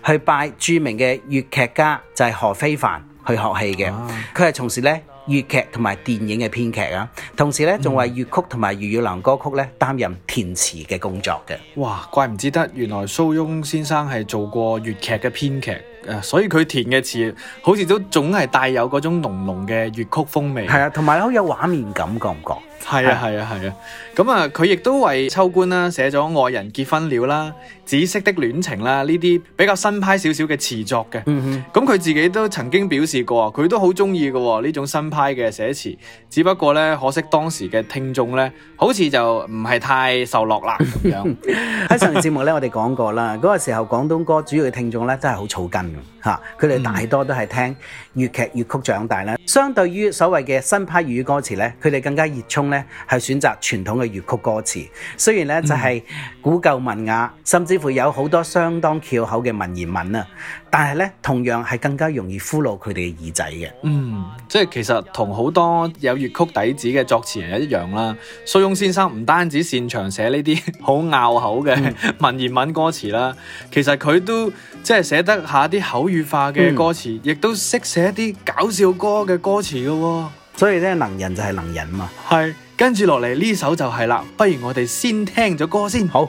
啊，去拜著名嘅粵劇家就係何非凡去學戲嘅。佢係從事咧粵劇同埋電影嘅編劇啊，同時咧仲為粵曲同埋粵語流行歌曲咧擔任填詞嘅工作嘅。哇，怪唔之得，原來蘇翁先生係做過粵劇嘅編劇，誒，所以佢填嘅詞好似都總係帶有嗰種濃濃嘅粵曲風味。係啊，同埋好有畫面感，覺唔覺？係啊係啊係啊，咁啊佢亦、啊啊啊、都為秋官啦寫咗愛人結婚了啦、紫色的戀情啦呢啲比較新派少少嘅詞作嘅。咁佢、嗯哼啊、自己都曾經表示過，佢都好中意嘅呢種新派嘅寫詞。只不過呢，可惜當時嘅聽眾呢，好似就唔係太受落啦咁樣。喺 上集節目呢，我哋講過啦，嗰個時候廣東歌主要嘅聽眾呢，真係好草根吓，佢哋大多都係聽粵劇粵曲長大啦。相對於所謂嘅新派粵語歌詞呢，佢哋更加熱衷呢，係選擇傳統嘅粵曲歌詞，雖然呢就係古舊文雅，甚至乎有好多相當拗口嘅文言文啊。但係咧，同樣係更加容易俘虜佢哋嘅耳仔嘅。嗯，即係其實同好多有粵曲底子嘅作詞人一樣啦。蘇翁先生唔單止擅長寫呢啲好拗口嘅文言文歌詞啦，嗯、其實佢都即係寫得下啲口語化嘅歌詞，亦、嗯、都識寫啲搞笑歌嘅歌詞嘅喎、啊。所以咧，能人就係能人嘛。係，跟住落嚟呢首就係啦。不如我哋先聽咗歌先，好。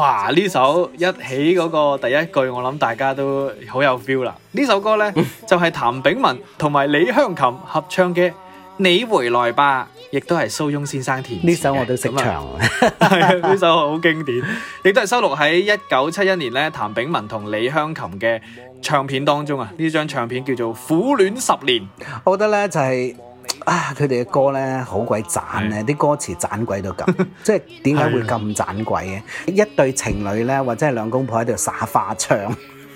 哇！呢首一起嗰個第一句，我諗大家都好有 feel 啦。呢首歌咧就係譚炳文同埋李香琴合唱嘅《你回來吧》，亦都係蘇翁先生填。呢首我都識唱，係啊！呢首好經典，亦都係收錄喺一九七一年咧譚炳文同李香琴嘅唱片當中啊。呢張唱片叫做《苦戀十年》，我覺得咧就係。啊！佢哋嘅歌咧好鬼盞咧，啲的歌詞盞鬼到咁，即係點解會咁盞鬼嘅？的一對情侶咧，或者係兩公婆喺度耍花槍，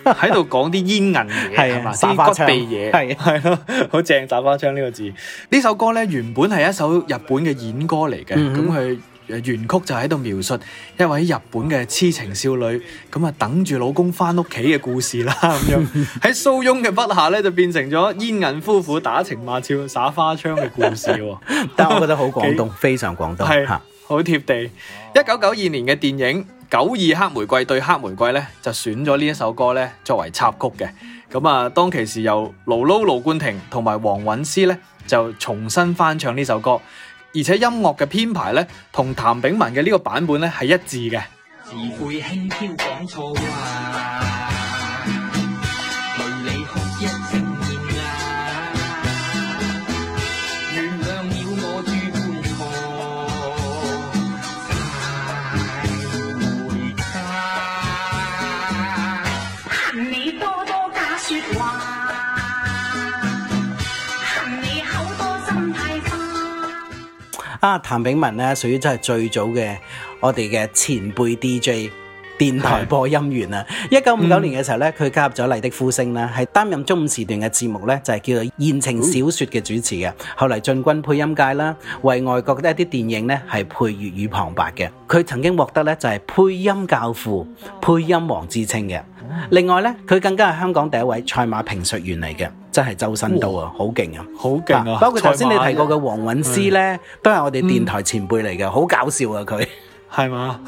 喺度講啲煙韌嘢，係嘛 的？耍花槍，係係咯，好正的！耍花槍呢個字，呢首歌咧原本係一首日本嘅演歌嚟嘅，咁佢。 原曲就喺度描述一位日本嘅痴情少女，咁啊等住老公翻屋企嘅故事啦，咁樣喺蘇翁嘅筆下咧，就變成咗煙韌夫婦打情罵俏、耍花槍嘅故事。 但係我覺得好廣東， 幾非常廣東，係好貼地。一九九二年嘅電影《九二黑玫瑰》對《黑玫瑰》咧，就選咗呢一首歌咧作為插曲嘅。咁啊，當其時由盧盧、盧冠廷同埋黃韻詩咧就重新翻唱呢首歌。而且音樂嘅編排咧，同譚炳文嘅呢個版本咧係一致嘅。 啊，譚炳文咧屬於真係最早嘅我哋嘅前輩 DJ 電台播音員啦。一九五九年嘅時候咧，佢加入咗麗的呼聲啦，係、嗯、擔任中午時段嘅節目咧，就係、是、叫做言情小說嘅主持嘅。後嚟進軍配音界啦，為外國嘅一啲電影咧係配粵語旁白嘅。佢曾經獲得咧就係配音教父、配音王之稱嘅。另外咧，佢更加係香港第一位賽馬評述員嚟嘅。真係周身刀啊！好勁啊！好勁啊！包括頭先你提過嘅黃韻詩咧，都係我哋電台前輩嚟嘅，好搞笑啊！佢係嘛？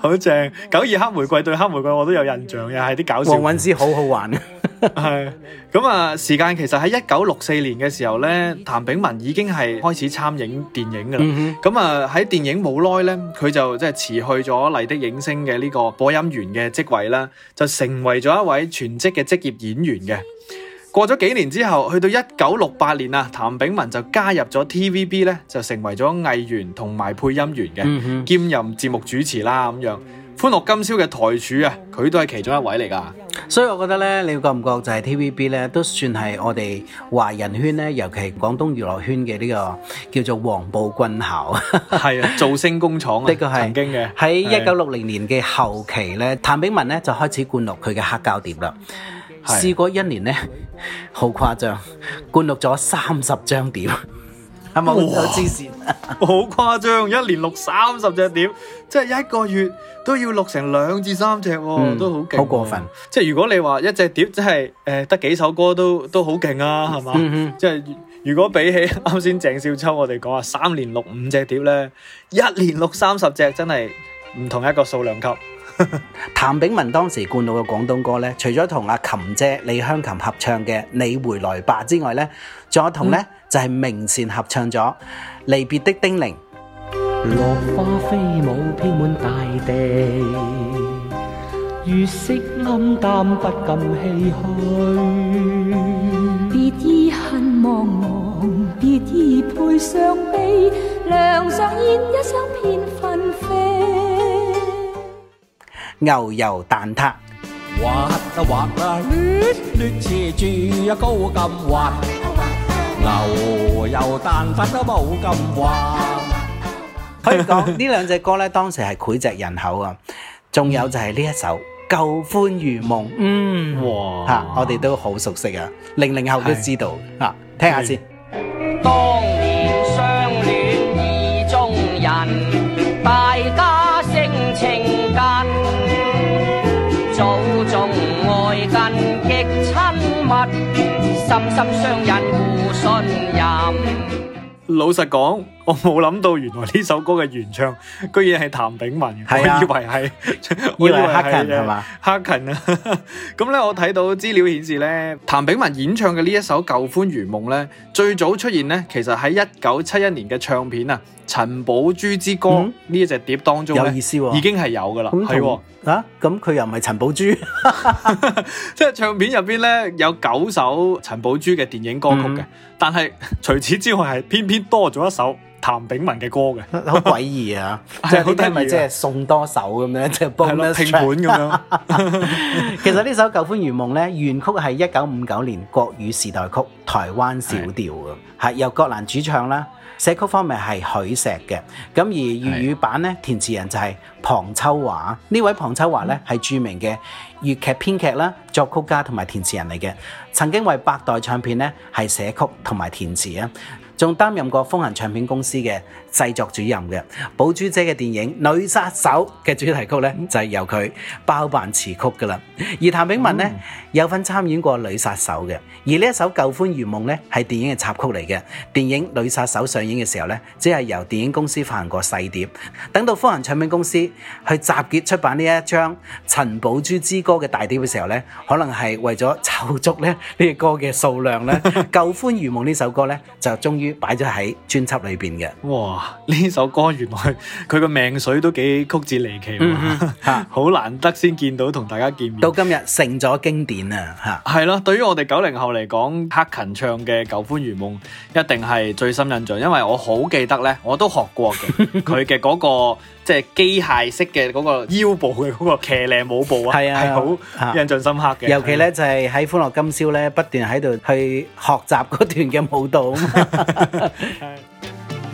好正九二黑玫瑰對黑玫瑰，我都有印象，又係啲搞笑。黃韻詩好好玩，係咁啊！時間其實喺一九六四年嘅時候咧，譚炳文已經係開始參演電影噶啦。咁啊，喺電影冇耐咧，佢就即係辭去咗麗的影星嘅呢個播音員嘅職位啦，就成為咗一位全職嘅職業演員嘅。過咗幾年之後，去到一九六八年啊，譚炳文就加入咗 TVB 咧，就成為咗藝員同埋配音員嘅，嗯、哼兼任節目主持啦咁樣。歡樂今宵嘅台柱啊，佢都係其中一位嚟噶。所以我覺得咧，你覺唔覺就係 TVB 咧，都算係我哋華人圈咧，尤其係廣東娛樂圈嘅呢、這個叫做黃埔軍校，係 啊，造星工廠啊，的確係。曾經嘅喺一九六零年嘅後期咧，譚的炳文咧就開始灌錄佢嘅黑膠碟啦。試過一年咧，好誇張，灌錄咗三十張碟，係咪哇？好誇張，一年錄三十隻碟，即係一個月都要錄成兩至三隻，啊，嗯、都好勁，啊，好過分。即係如果你話一碟，呃、隻碟即係誒得幾首歌都都好勁啊，係嘛？嗯嗯，即係如果比起啱先鄭少秋我哋講話，三年錄五隻碟咧，一年錄三十隻真係唔同一個數量級。 譚炳文當時灌錄嘅廣東歌呢，除咗同阿琴姐李香琴合唱嘅《你回來吧》之外呢，仲有同呢就係、是、明善合唱咗《離別的叮嚀》。 牛油蛋撻、啊，滑啊滑啊，亂亂斜住啊高咁滑，啊滑，啊滑啊，牛油蛋粉都冇咁滑。可以講 呢兩隻歌咧，當時係膾炙人口啊。仲有就係呢一首《嗯、舊歡如夢》，嗯，吓、啊、我哋都好熟悉啊，零零後都知道是啊，聽下先。 相印，互信任。老實講。我冇諗到原來呢首歌嘅原唱居然係譚炳文，啊、我以為係 以為黑勤，係嘛嗎？黑勤啊！咁 咧，我睇到資料顯示咧，譚炳文演唱嘅呢一首《舊歡如夢》咧，最早出現咧，其實喺一九七一年嘅唱片啊《陳寶珠之歌》呢一隻碟當中，有意思喎，啊，已經係有噶啦，係跟、哦、啊，咁佢又唔係陳寶珠，即 係 唱片入邊咧有九首陳寶珠嘅電影歌曲嘅，嗯，但係除此之外係偏偏多咗一首。譚炳文嘅歌嘅， 好詭異啊！即係好人咪即係送多首咁樣，即係幫佢拼盤咁樣。其實呢首《舊歡如夢》咧，原曲係一九五九年國語時代曲，台灣小調嘅，係是由郭蘭主唱啦。寫曲方面係許石嘅，咁而粵語版咧，填詞人就係龐秋華。呢是位龐秋華咧，係著名嘅粵劇編劇啦、作曲家同埋填詞人嚟嘅，曾經為百代唱片咧係寫曲同埋填詞啊。仲擔任過風行唱片公司嘅。製作主任嘅寶珠姐嘅電影《女殺手》嘅主題曲呢，就係、是、由佢包辦詞曲噶啦。而譚炳文呢，嗯、有份參演過《女殺手》嘅。而呢一首《舊歡如夢》呢，係電影嘅插曲嚟嘅。電影《女殺手》上映嘅時候呢，只係由電影公司發行過細碟。等到風行唱片公司去集結出版呢一張《陳寶珠之歌》嘅大碟嘅時候呢，可能係為咗籌足咧呢、呢個歌嘅數量咧，《舊 歡如夢》呢首歌呢，就終於擺咗喺專輯裏邊嘅。哇！ 呢首歌原來佢個命水都幾曲折離奇，好難得先見到同大家見面。到今日成咗經典啊！係咯，對於我哋九零後嚟講，克勤唱嘅《舊歡如夢》一定係最深印象，因為我好記得咧，我都學過嘅佢嘅嗰個即係機械式嘅嗰個腰部嘅嗰個騎呢舞步啊，係好 印象深刻嘅。 尤其咧呢 就係喺歡樂今宵咧，不斷喺度去學習嗰段嘅舞蹈。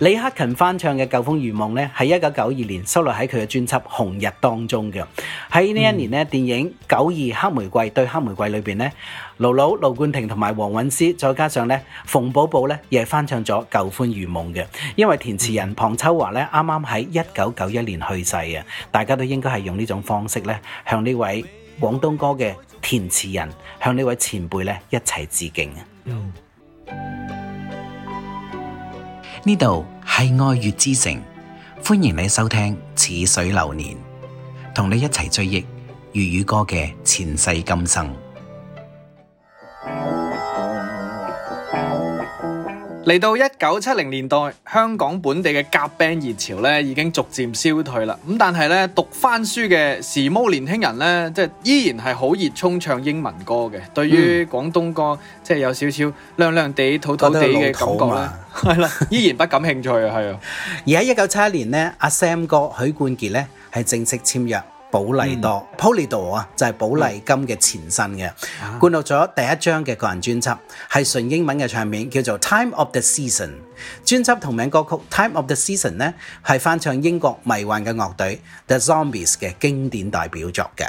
李克勤翻唱嘅《舊歡如夢》咧，喺一九九二年收錄喺佢嘅專輯《紅日》當中嘅。喺呢一年咧，電影《九二黑玫瑰對黑玫瑰》裏邊咧，盧盧、盧冠廷同埋黃韻詩，再加上咧馮寶寶咧，亦係翻唱咗《舊歡如夢》嘅。因為填詞人龐秋華咧，啱啱喺一九九一年去世啊，大家都應該係用呢種方式咧，向呢位廣東歌嘅填詞人，向呢位前輩咧一齊致敬啊！嗯呢度係愛粵之城，歡迎你收聽《似水流年》，同你一齊追憶粵語歌嘅前世今生。嚟到一九七零年代，香港本地嘅夾 band 熱潮呢已經逐漸消退啦。咁但係呢讀返書嘅時髦年輕人呢，即係依然係好熱衷唱英文歌嘅。對於廣東歌，嗯、即係有少少靚靚地、土土地嘅感覺咧，覺得佢老土嘛 依然不感興趣啊，係啊。而喺一九七一年呢，阿 Sam 哥許冠傑呢係正式簽約。寶麗多，Polydor 啊，mm. Polydor, 就係寶麗金嘅前身嘅，灌錄咗第一張嘅個人專輯，係純英文嘅唱片，叫做《Time of the Season》，專輯同名歌曲《Time of the Season》呢，係翻唱英國迷幻嘅樂隊 The Zombies 嘅經典代表作嘅。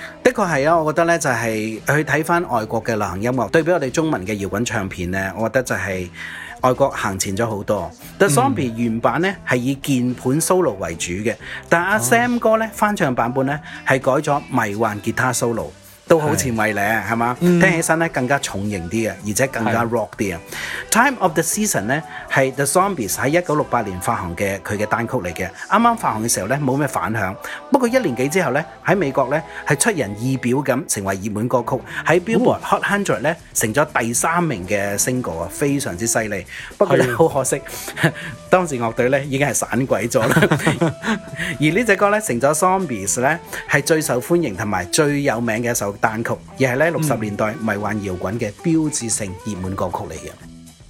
的確係啊，我覺得呢就係、是、去睇翻外國嘅流行音樂，對比我哋中文嘅搖滾唱片呢，我覺得就係外國行前咗好多。The、Zombies、s o n g b i r 原版呢係以鍵盤 solo 為主嘅，但阿、啊、Sam 哥呢翻唱版本呢係改咗迷幻吉他 solo。都好前衛咧，係嘛？聽起身咧更加重型啲嘅，而且更加 rock 啲啊的！Time of the Season 呢係 The Zombies 喺一九六八年發行嘅佢嘅單曲嚟嘅。啱啱發行嘅時候呢，冇咩反響，不過一年幾之後呢，喺美國呢係出人意表咁成為熱門歌曲喺 Billboard、嗯、Hot 100呢成咗第三名嘅 single 啊，非常之犀利。不過好可惜，的 當時樂隊呢已經係散鬼咗啦。 而呢隻歌呢，成咗 Zombies 呢，係最受歡迎同埋最有名嘅一首單曲，而係咧六十年代迷幻搖滾嘅標誌性熱門歌曲嚟嘅。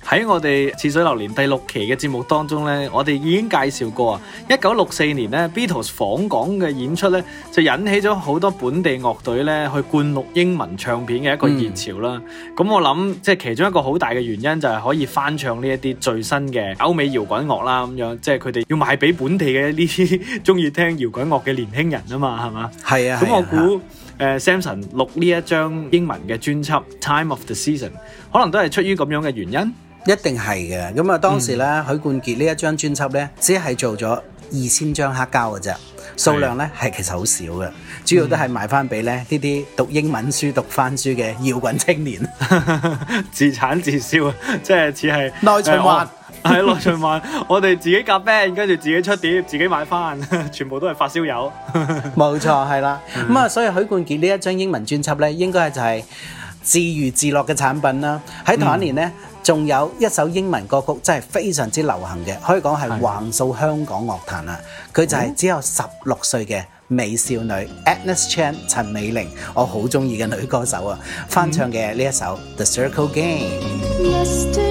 喺我哋似水流年第六期嘅節目當中咧，我哋已經介紹過啊，一九六四年咧 Beatles 訪港嘅演出咧，就引起咗好多本地樂隊咧去灌錄英文唱片嘅一個熱潮啦。咁、嗯嗯、我諗，即係其中一個好大嘅原因就係可以翻唱呢一啲最新嘅歐美搖滾樂啦，咁樣即係佢哋要賣俾本地嘅呢啲中意聽搖滾樂嘅年輕人啊嘛，係嘛？係啊，咁我估、啊。誒 Samson 錄呢一張英文嘅專輯《Time of the Season》，可能都係出於咁樣嘅原因，一定係嘅。咁啊，當時咧，許冠傑呢一張專輯咧，只係做咗二千張黑膠嘅啫，數量咧係其實好少嘅，主要都係賣翻俾咧呢啲讀英文書、讀翻書嘅搖滾青年，自產自銷，即係似係內循環。係羅俊文，我哋自己夾 band，跟住自己出碟，自己買翻，全部都係發燒友。冇 錯，係啦。咁啊、嗯，所以許冠傑呢一張英文專輯呢，應該係就係自娛自樂嘅產品啦。喺同一年呢，仲有一首英文歌曲真係非常之流行嘅，可以講係橫掃香港樂壇啊。佢就係只有十六歲嘅美少女、嗯、Agnes Chan 陳美齡，我好中意嘅女歌手啊，翻唱嘅呢一首、嗯、The Circle Game。嗯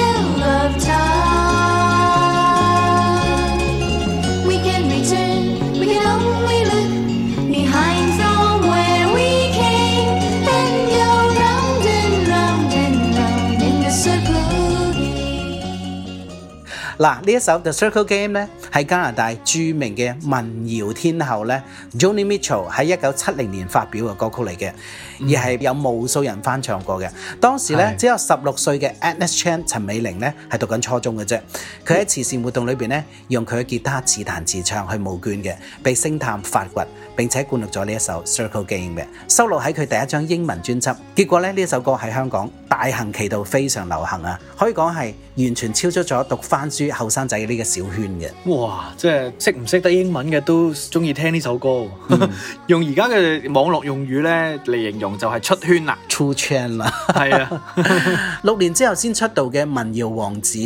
嗱，呢一首 The Circle Game 咧，係加拿大著名嘅民謠天后咧 Joni Mitchell 喺一九七零年發表嘅歌曲嚟嘅，而係有無數人翻唱過嘅。當時咧是只有十六歲嘅 Agnes Chan 陳美齡咧係讀緊初中嘅啫，佢喺慈善活動裏邊咧用佢嘅吉他自彈自唱去募捐嘅，被星探發掘。並且灌錄咗呢一首《Circle Game》嘅，收錄喺佢第一張英文專輯。結果咧，呢首歌喺香港大行其道，非常流行啊！可以講係完全超出咗讀翻書後生仔呢個小圈嘅。哇！即係識唔識得英文嘅都中意聽呢首歌。嗯、用而家嘅網絡用語呢，嚟形容就係出圈啦，出圈啦。係 是啊， 六年之後先出道嘅民謠王子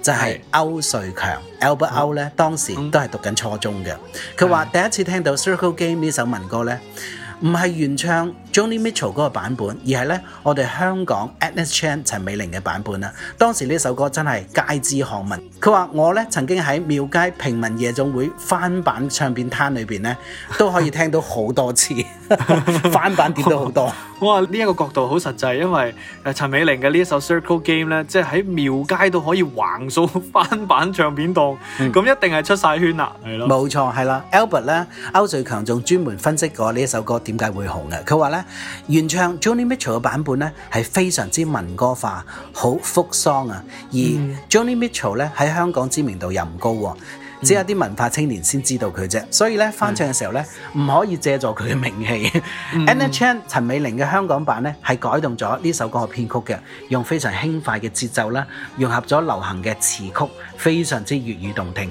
就係是歐瑞強 Albert、嗯、歐咧，當時都係讀緊初中嘅。佢話第一次聽到《Circle Game》。呢首民歌咧，唔係原唱，Joni Mitchell 嗰個版本，而係咧我哋香港 Agnes Chan 陳美齡嘅版本啦。當時呢首歌真係街知巷聞。佢話我咧曾經喺廟街平民夜總會翻版唱片攤裏邊咧，都可以聽到好多次 翻版，聽到好多。我話呢一個角度好實際，因為誒陳美齡嘅呢一首 Circle Game 咧，即係喺廟街都可以橫掃翻版唱片檔，咁、嗯、一定係出晒圈啦，係咯了？冇錯，係啦。Albert 咧，歐瑞強仲專門分析過呢一首歌點解會紅嘅。佢話咧。原唱 Johnny Mitchell 嘅版本咧，係非常之民歌化，好滄桑啊。而 Johnny Mitchell 咧喺香港知名度又唔高，只有啲文化青年先知道佢啫。所以咧翻唱嘅時候咧，唔可以借助佢嘅名氣。N H N 陳美齡嘅香港版咧係改動咗呢首歌嘅編曲嘅，用非常輕快嘅節奏啦，融合咗流行嘅詞曲，非常之粵語動聽。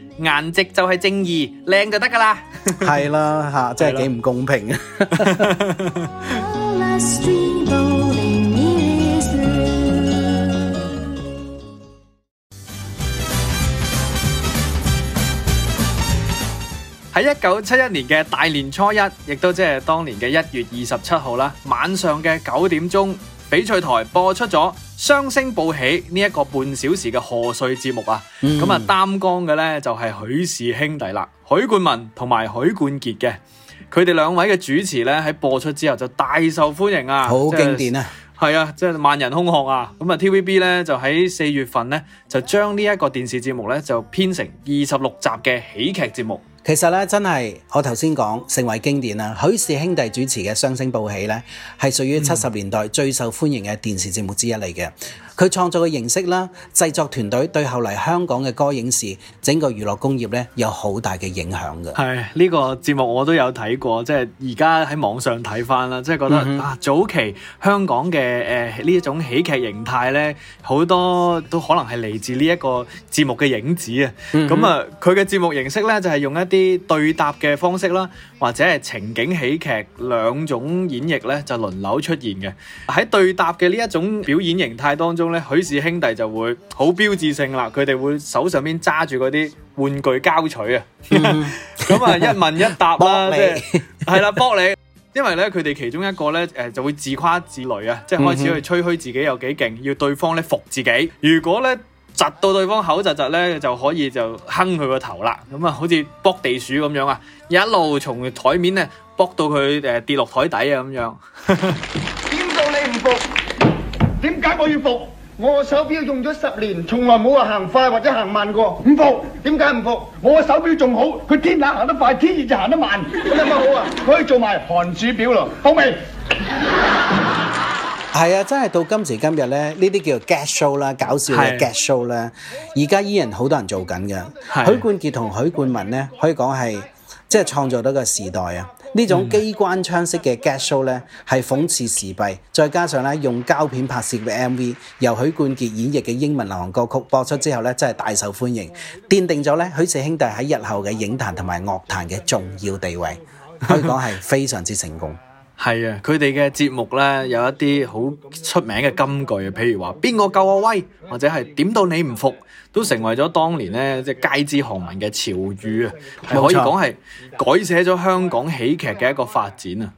顏值就係正義，靚就得㗎啦。係啦，吓真係幾唔公平啊！喺一九七一年嘅大年初一，亦都即係當年嘅一月二十七號啦，晚上嘅九點鐘。翡翠台播出咗《雙星報喜》呢、這、一個半小時嘅賀歲節目啊，咁啊擔綱嘅咧就係許、就是、氏兄弟啦，許冠文同埋許冠傑嘅，佢哋兩位嘅主持咧喺播出之後就大受歡迎啊，好經典啊，係、就是、啊，即、就、係、是、萬人空巷啊，咁啊 TVB 咧就喺四月份咧就將呢一個電視節目咧就編成二十六集嘅喜劇節目。其實咧，真係我頭先講成為經典啦。許氏兄弟主持嘅《雙星報喜》呢咧，係屬於七十年代最受歡迎嘅電視節目之一嚟嘅。佢創作嘅形式啦，製作團隊對後嚟香港嘅歌影視整個娛樂工業咧，有好大嘅影響嘅。係呢、這個節目我都有睇過，即係而家喺網上睇翻啦，即係覺得、mm hmm. 啊，早期香港嘅誒呢一種喜劇形態咧，好多都可能係嚟自呢一個節目嘅影子啊。咁啊、mm，佢嘅節目形式咧就係、是、用一啲對答嘅方式啦，或者係情景喜劇兩種演繹咧，就輪流出現嘅。喺對答嘅呢一種表演形態當中咧，許氏兄弟就會好標誌性啦。佢哋會手上邊揸住嗰啲玩具膠槌啊，咁啊、嗯、 一問一答啦，即係係啦，搏你。 因為咧，佢哋其中一個咧，誒就會自誇自擂啊，即、就、係、是、開始去吹噓自己有幾勁，要對方咧服自己。如果咧，窒到對方口窒窒咧，就可以就哼佢個頭啦。咁啊，好似卜地鼠咁樣啊，一路從台面咧卜到佢誒跌落台底啊咁樣。點 到你唔服？點解我要服？我個手錶用咗十年，從來冇話行快或者行慢過。唔服？點解唔服？我個手錶仲好，佢天冷行得快，天熱就行得慢，咁有乜好啊？佢可以做埋寒暑表咯，好味。 係啊，真係到今時今日咧，呢啲叫做 gag show 啦，搞笑嘅 gag show 咧，而家依然好多人做緊嘅。許冠傑同許冠文咧，可以講係即係創造咗個時代啊！呢種機關槍式嘅 gag show 咧，係諷刺時弊，再加上咧用膠片拍攝嘅 MV，由許冠傑演繹嘅英文流行歌曲播出之後咧，真係大受歡迎，奠定咗咧許氏兄弟喺日後嘅影壇同埋樂壇嘅重要地位，可以講係非常之成功。係啊，佢哋嘅節目呢，有一啲好出名嘅金句啊，譬如話邊個救我威，或者係點到你唔服，都成為咗當年呢，即係街知巷聞嘅潮語啊，係錯可以講係改寫咗香港喜劇嘅一個發展啊。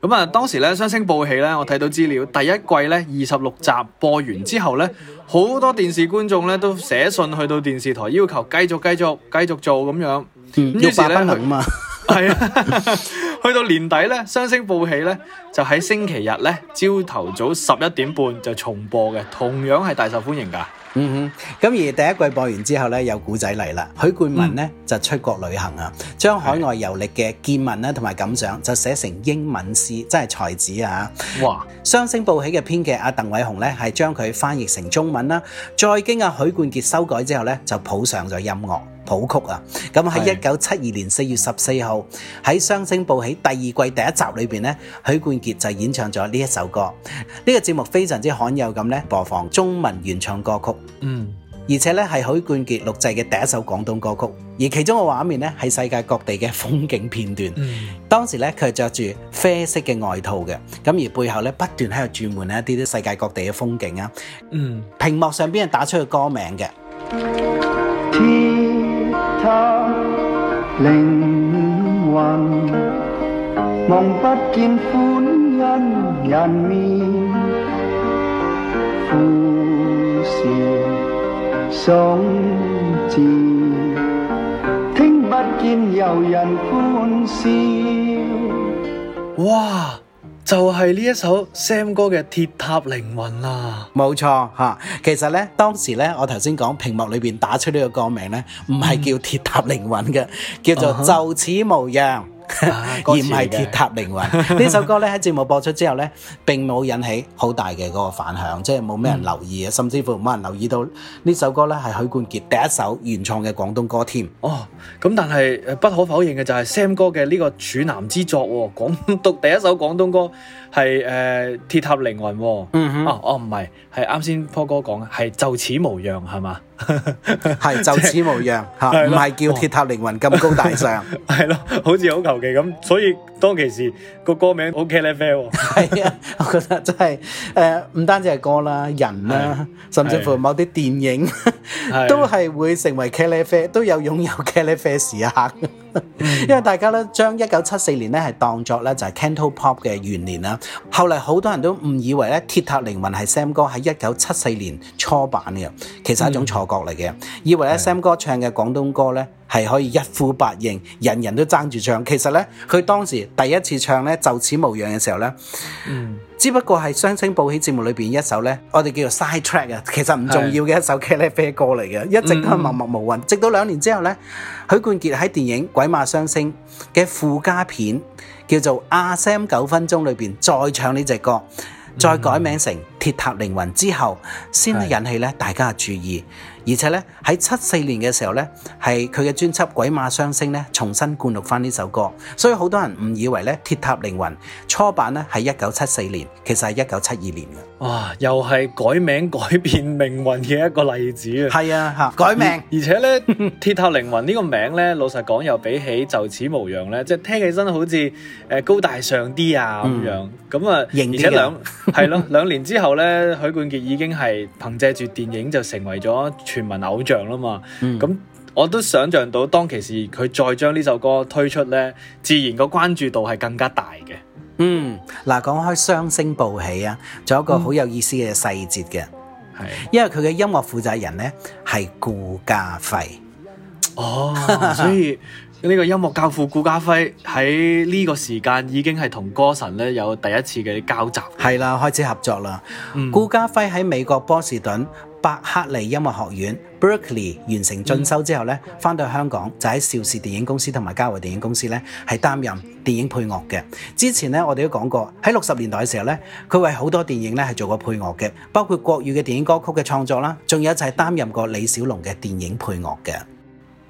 咁啊，當時呢，雙星報喜呢，我睇到資料，第一季呢，二十六集播完之後呢，好多電視觀眾呢都寫信去到電視台，要求繼續繼續繼續做咁樣，要翻翻係啊，去到年底咧，雙星報喜咧就喺星期日咧朝頭早十一點半就重播嘅，同樣係大受歡迎噶。嗯哼，咁而第一季播完之後咧，有古仔嚟啦。許冠文咧就出國旅行啊，將海外遊歷嘅見聞咧同埋感想就寫成英文詩，真係才子啊！哇！雙星報喜嘅編劇阿鄧偉雄咧係將佢翻譯成中文啦，再經阿許冠傑修改之後咧就譜上咗音樂。譜曲啊！咁喺一九七二年四月十四號喺《雙星報喜》第二季第一集裏邊咧，許冠傑就演唱咗呢一首歌。呢個節目非常之罕有咁咧，播放中文原唱歌曲。嗯，而且咧係許冠傑錄製嘅第一首廣東歌曲。而其中嘅畫面咧係世界各地嘅風景片段。嗯，當時咧佢着住啡色嘅外套嘅，咁而背後咧不斷喺度轉換一啲啲世界各地嘅風景啊。嗯，屏幕上邊打出個歌名嘅。嗯靈魂望不見歡欣人面，呼士心志聽不見有人歡笑。哇！就係呢一首 Sam 哥嘅《鐵塔靈魂》啦，冇錯吓。其實呢，當時呢，我頭先講屏幕裏面打出呢個歌名呢，唔係叫《鐵塔靈魂》嘅，叫做《就此模樣》。而唔係鐵塔凌雲呢首歌咧，喺節目播出之後咧，並冇引起好大嘅嗰個反響，即係冇咩人留意啊，甚至乎冇人留意到呢首歌咧係許冠傑第一首原創嘅廣東歌添。哦，咁但係誒不可否認嘅就係 Sam 哥嘅呢個處男之作喎，廣東第一首廣東歌。係誒，鐵塔凌雲，哦哦唔係，係啱先坡哥講嘅，係就此模樣，係嘛？係就此模樣，吓，唔係叫鐵塔凌雲咁高大上。係咯，好似好求其咁，所以當其時個歌名好《Kelly Fair》。係啊，我覺得真係誒，唔、呃、單止係歌啦、人啦、啊， 甚至乎某啲電影都係會成為《Kelly Fair》，都有擁有《Kelly Fair》時刻。 因為大家咧將一九七四年咧係當作咧就係 Cantopop 嘅元年啦，後嚟好多人都誤以為咧《鐵塔凌雲》係 Sam 哥喺一九七四年初版嘅，其實係一種錯覺嚟嘅，嗯、以為咧的 Sam 哥唱嘅廣東歌咧。係可以一呼百應，人人都爭住唱。其實呢，佢當時第一次唱呢，就此模樣嘅時候呢，嗯、只不過係雙星報喜節目裏邊一首呢，我哋叫做 Side Track 啊，其實唔重要嘅一首卡拉飛歌嚟嘅，的一直都默默無聞。嗯嗯、直到兩年之後呢，許冠傑喺電影《鬼馬雙星》嘅附加片叫做《阿 Sam 九分鐘》裏邊再唱呢隻歌，嗯嗯、再改名成《鐵塔凌雲》之後，先引起咧大家嘅注意。的而且咧喺七四年嘅時候咧，係佢嘅專輯《鬼馬雙星》咧重新灌錄翻呢首歌，所以好多人誤以為咧《鐵塔凌雲》初版咧係一九七四年，其實係一九七二年嘅。哇！又係改名改變命運嘅一個例子啊！係啊，嚇改名，而且咧《鐵塔凌雲》呢個名咧，老實講又比起就此模樣咧，即係聽起身好似誒高大上啲啊咁樣。咁啊，而且兩係咯，兩年之後咧，許冠傑已經係憑藉住電影就成為咗全民偶像啦嘛，咁、嗯、我都想象到當其時佢再將呢首歌推出呢，自然個關注度係更加大嘅。嗯，嗱講、嗯、開雙星報喜啊，仲有一個好有意思嘅細節嘅，係、嗯、因為佢嘅音樂負責人呢係顧嘉輝。哦， 所以呢個音樂教父顧嘉輝喺呢個時間已經係同歌神呢有第一次嘅交集。係啦、啊，開始合作啦。顧、嗯、嘉輝喺美國波士頓。伯克利音樂學院 Berkeley 完成進修之後咧，翻、嗯、到香港就喺邵氏電影公司同埋嘉禾電影公司咧，係擔任電影配樂嘅。之前咧，我哋都講過喺六十年代嘅時候咧，佢為好多電影咧係做過配樂嘅，包括國語嘅電影歌曲嘅創作啦，仲有就係擔任過李小龍嘅電影配樂嘅。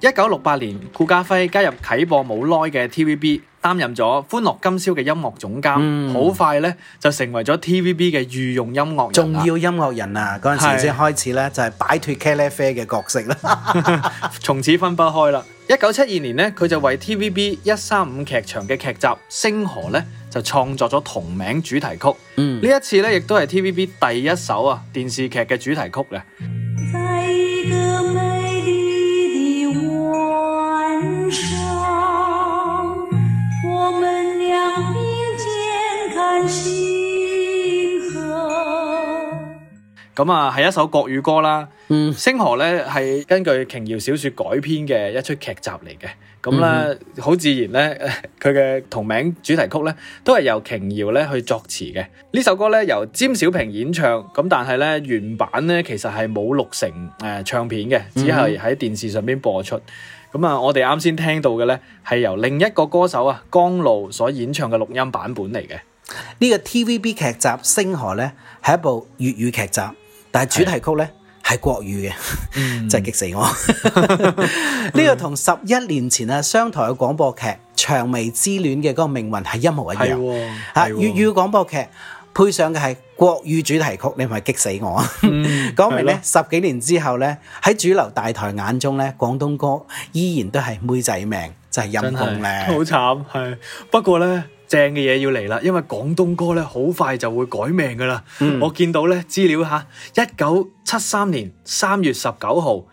一九六八年，顧嘉輝加入啟播冇耐嘅 TVB，擔任咗《歡樂今宵》嘅音樂總監，好快咧就成為咗 TVB 嘅御用音樂人。重要音樂人啊！嗰陣時先開始咧是就係擺脫茄喱啡嘅角色啦，從 此分不開啦。一九七二年呢，佢就為 TVB 一三五劇場嘅劇集《星河》呢咧就創作咗同名主題曲。嗯，呢一次咧亦都係 TVB 第一首啊電視劇嘅主題曲嘅。咁啊，係一首國語歌啦。嗯，《星河呢》咧係根據瓊瑤小說改編嘅一出劇集嚟嘅。咁咧、啊，好、嗯、哼自然咧，佢嘅同名主題曲咧，都係由瓊瑤咧去作詞嘅。呢首歌咧由詹小平演唱，咁但係咧原版咧其實係冇錄成誒、呃、唱片嘅，只係喺電視上邊播出。咁啊，我哋啱先聽到嘅咧係由另一個歌手啊江露所演唱嘅錄音版本嚟嘅。呢個 TVB 劇集，集《星河呢》咧係一部粵語劇集。但係主題曲呢係的國語嘅，真係激死我！呢 個同十一年前啊商台嘅廣播劇《薔薇 之戀》嘅嗰個命運係一模一樣吓。粵語廣播劇配上嘅係國語主題曲，你咪激死我啊！講、嗯、 明呢，的十幾年之後呢，喺主流大台眼中呢，廣東歌依然都係妹仔命，就係、是、陰公咧，好慘係。不過呢。正嘅嘢要嚟啦，因為廣東歌咧好快就會改名噶啦。嗯、我見到咧資料吓，一九七三年三月十九號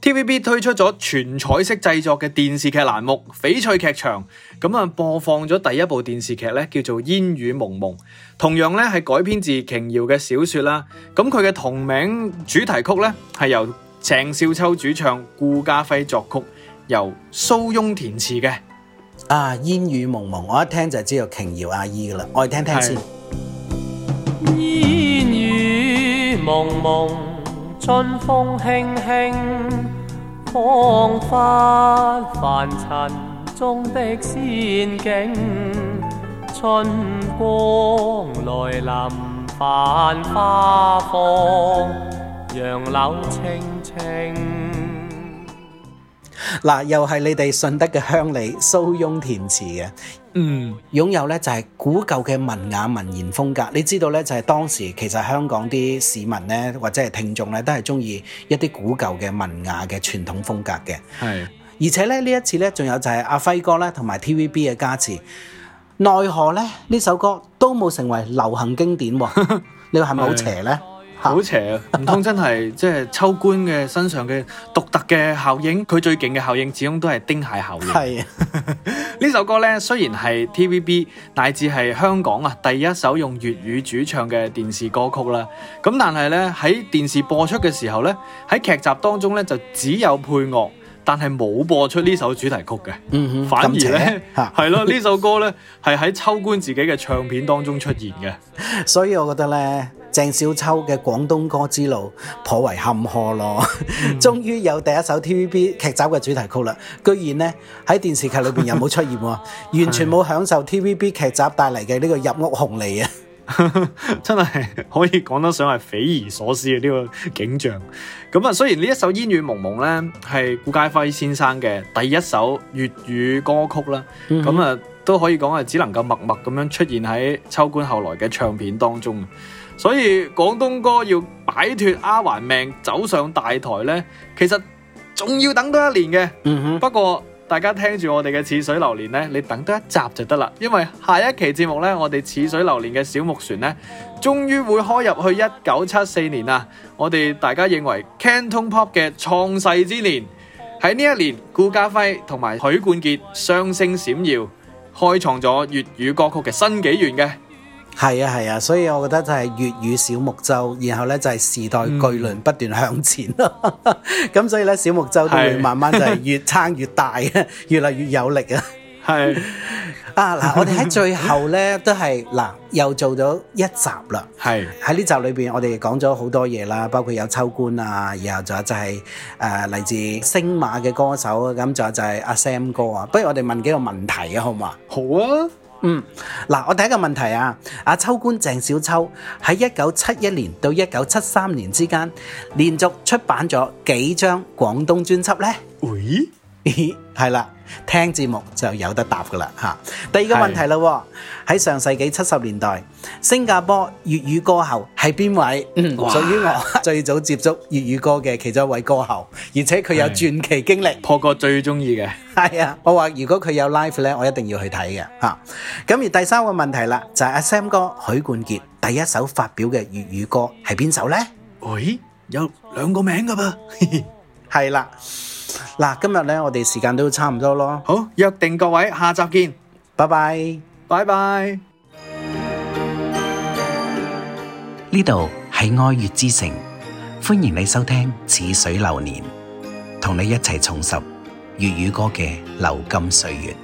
，TVB 推出咗全彩色製作嘅電視劇欄目《翡翠劇場》，咁啊播放咗第一部電視劇咧叫做《煙雨蒙蒙》，同樣咧係改編自瓊瑤嘅小說啦。咁佢嘅同名主題曲咧係由鄭少秋主唱，顧嘉輝作曲，由蘇翁填詞嘅。啊！煙雨濛濛，我一聽就知有瓊瑤阿姨噶啦，我嚟聽聽的先。煙雨濛濛，春風輕輕，彷彿凡塵中的仙境。春光來臨，繁花放，楊柳青青。嗱，又係你哋順德嘅鄉里蘇翁填詞嘅。嗯，擁有咧就係古舊嘅文雅文言風格。你知道咧就係當時其實香港啲市民咧或者係聽眾咧都係中意一啲古舊嘅文雅嘅傳統風格嘅。係是，而且咧呢一次咧仲有就係阿輝哥咧同埋 TVB 嘅加持。奈何咧呢首歌都冇成為流行經典， 你話係咪好邪咧？好 邪啊！唔通真係即係秋官嘅身上嘅獨特嘅效應，佢最勁嘅效應始終都係丁蟹效應。係呢是的 首歌呢，雖然係 TVB 乃至係香港啊第一首用粵語主唱嘅電視歌曲啦，咁但係呢，喺電視播出嘅時候呢，喺劇集當中呢，就只有配樂，但係冇播出呢首主題曲嘅。 反而呢，係咯、嗯，呢、嗯、 首歌呢，係喺秋官自己嘅唱片當中出現嘅。 所以我覺得呢。鄭少秋嘅廣東歌之路頗為坎坷咯，終 於有第一首 T V B 劇集嘅主題曲啦。居然呢，喺電視劇裏邊又冇出現， 完全冇享受 T V B 劇集帶嚟嘅呢個入屋紅利啊！ 真係可以講得上係匪夷所思嘅呢、這個景象。咁啊，雖然呢一首煙雨濛濛呢係顧嘉輝先生嘅第一首粵語歌曲啦，咁啊、嗯嗯、都可以講係只能夠默默咁樣出現喺秋官後來嘅唱片當中。所以廣東歌要擺脱丫鬟命走上大台呢，其實仲要等到一年嗯哼，嘅。不過大家聽住我哋嘅《似水流年》呢，你等多一集就得啦。因為下一期節目呢，我哋《似水流年》嘅小木船呢，終於會開入去一九七四年啊！我哋大家認為 Canton Pop 嘅創世之年，喺呢一年顧嘉輝同埋許冠傑雙星閃耀，開創咗粵語歌曲嘅新紀元嘅。係啊，係啊，所以我覺得就係粵語小木舟，然後咧，就係時代巨輪不斷向前咯。咁所以咧，小木舟都會慢慢就係越撐越大啊，越嚟越有力啊。係啊，嗱，我哋喺最後咧都係嗱，又做咗一集啦。係喺呢集裏邊，我哋講咗好多嘢啦，包括有秋官啊，然後仲有就係誒嚟自星馬嘅歌手，咁仲有就係阿 Sam 哥啊。不如我哋問幾個問題啊，好嘛？好啊。嗯，嗱，我第一個問題啊，阿秋官鄭少秋喺一九七一年到一九七三年之間，連續出版咗幾張廣東專輯呢？係啦， 聽節目就有得答噶啦吓。第二個問題咯，喺的上世紀七十年代，新加坡粵語歌后係邊位？屬於、嗯、我最早接觸粵語歌嘅其中一位歌后，而且佢有傳奇經歷。破過最中意嘅係啊！我話如果佢有 live 咧，我一定要去睇嘅吓。咁、啊、而第三個問題啦，就係、是、阿 Sam 哥許冠傑第一首發表嘅粵語歌係邊首呢？誒、哎，有兩個名噶噃，係 啦。嗱，今日咧，我哋時間都差唔多咯。好，約定各位，下集見，拜拜，拜拜。呢度係愛粵之城，歡迎你收聽《似水流年》，同你一齊重拾粵語歌嘅流金歲月。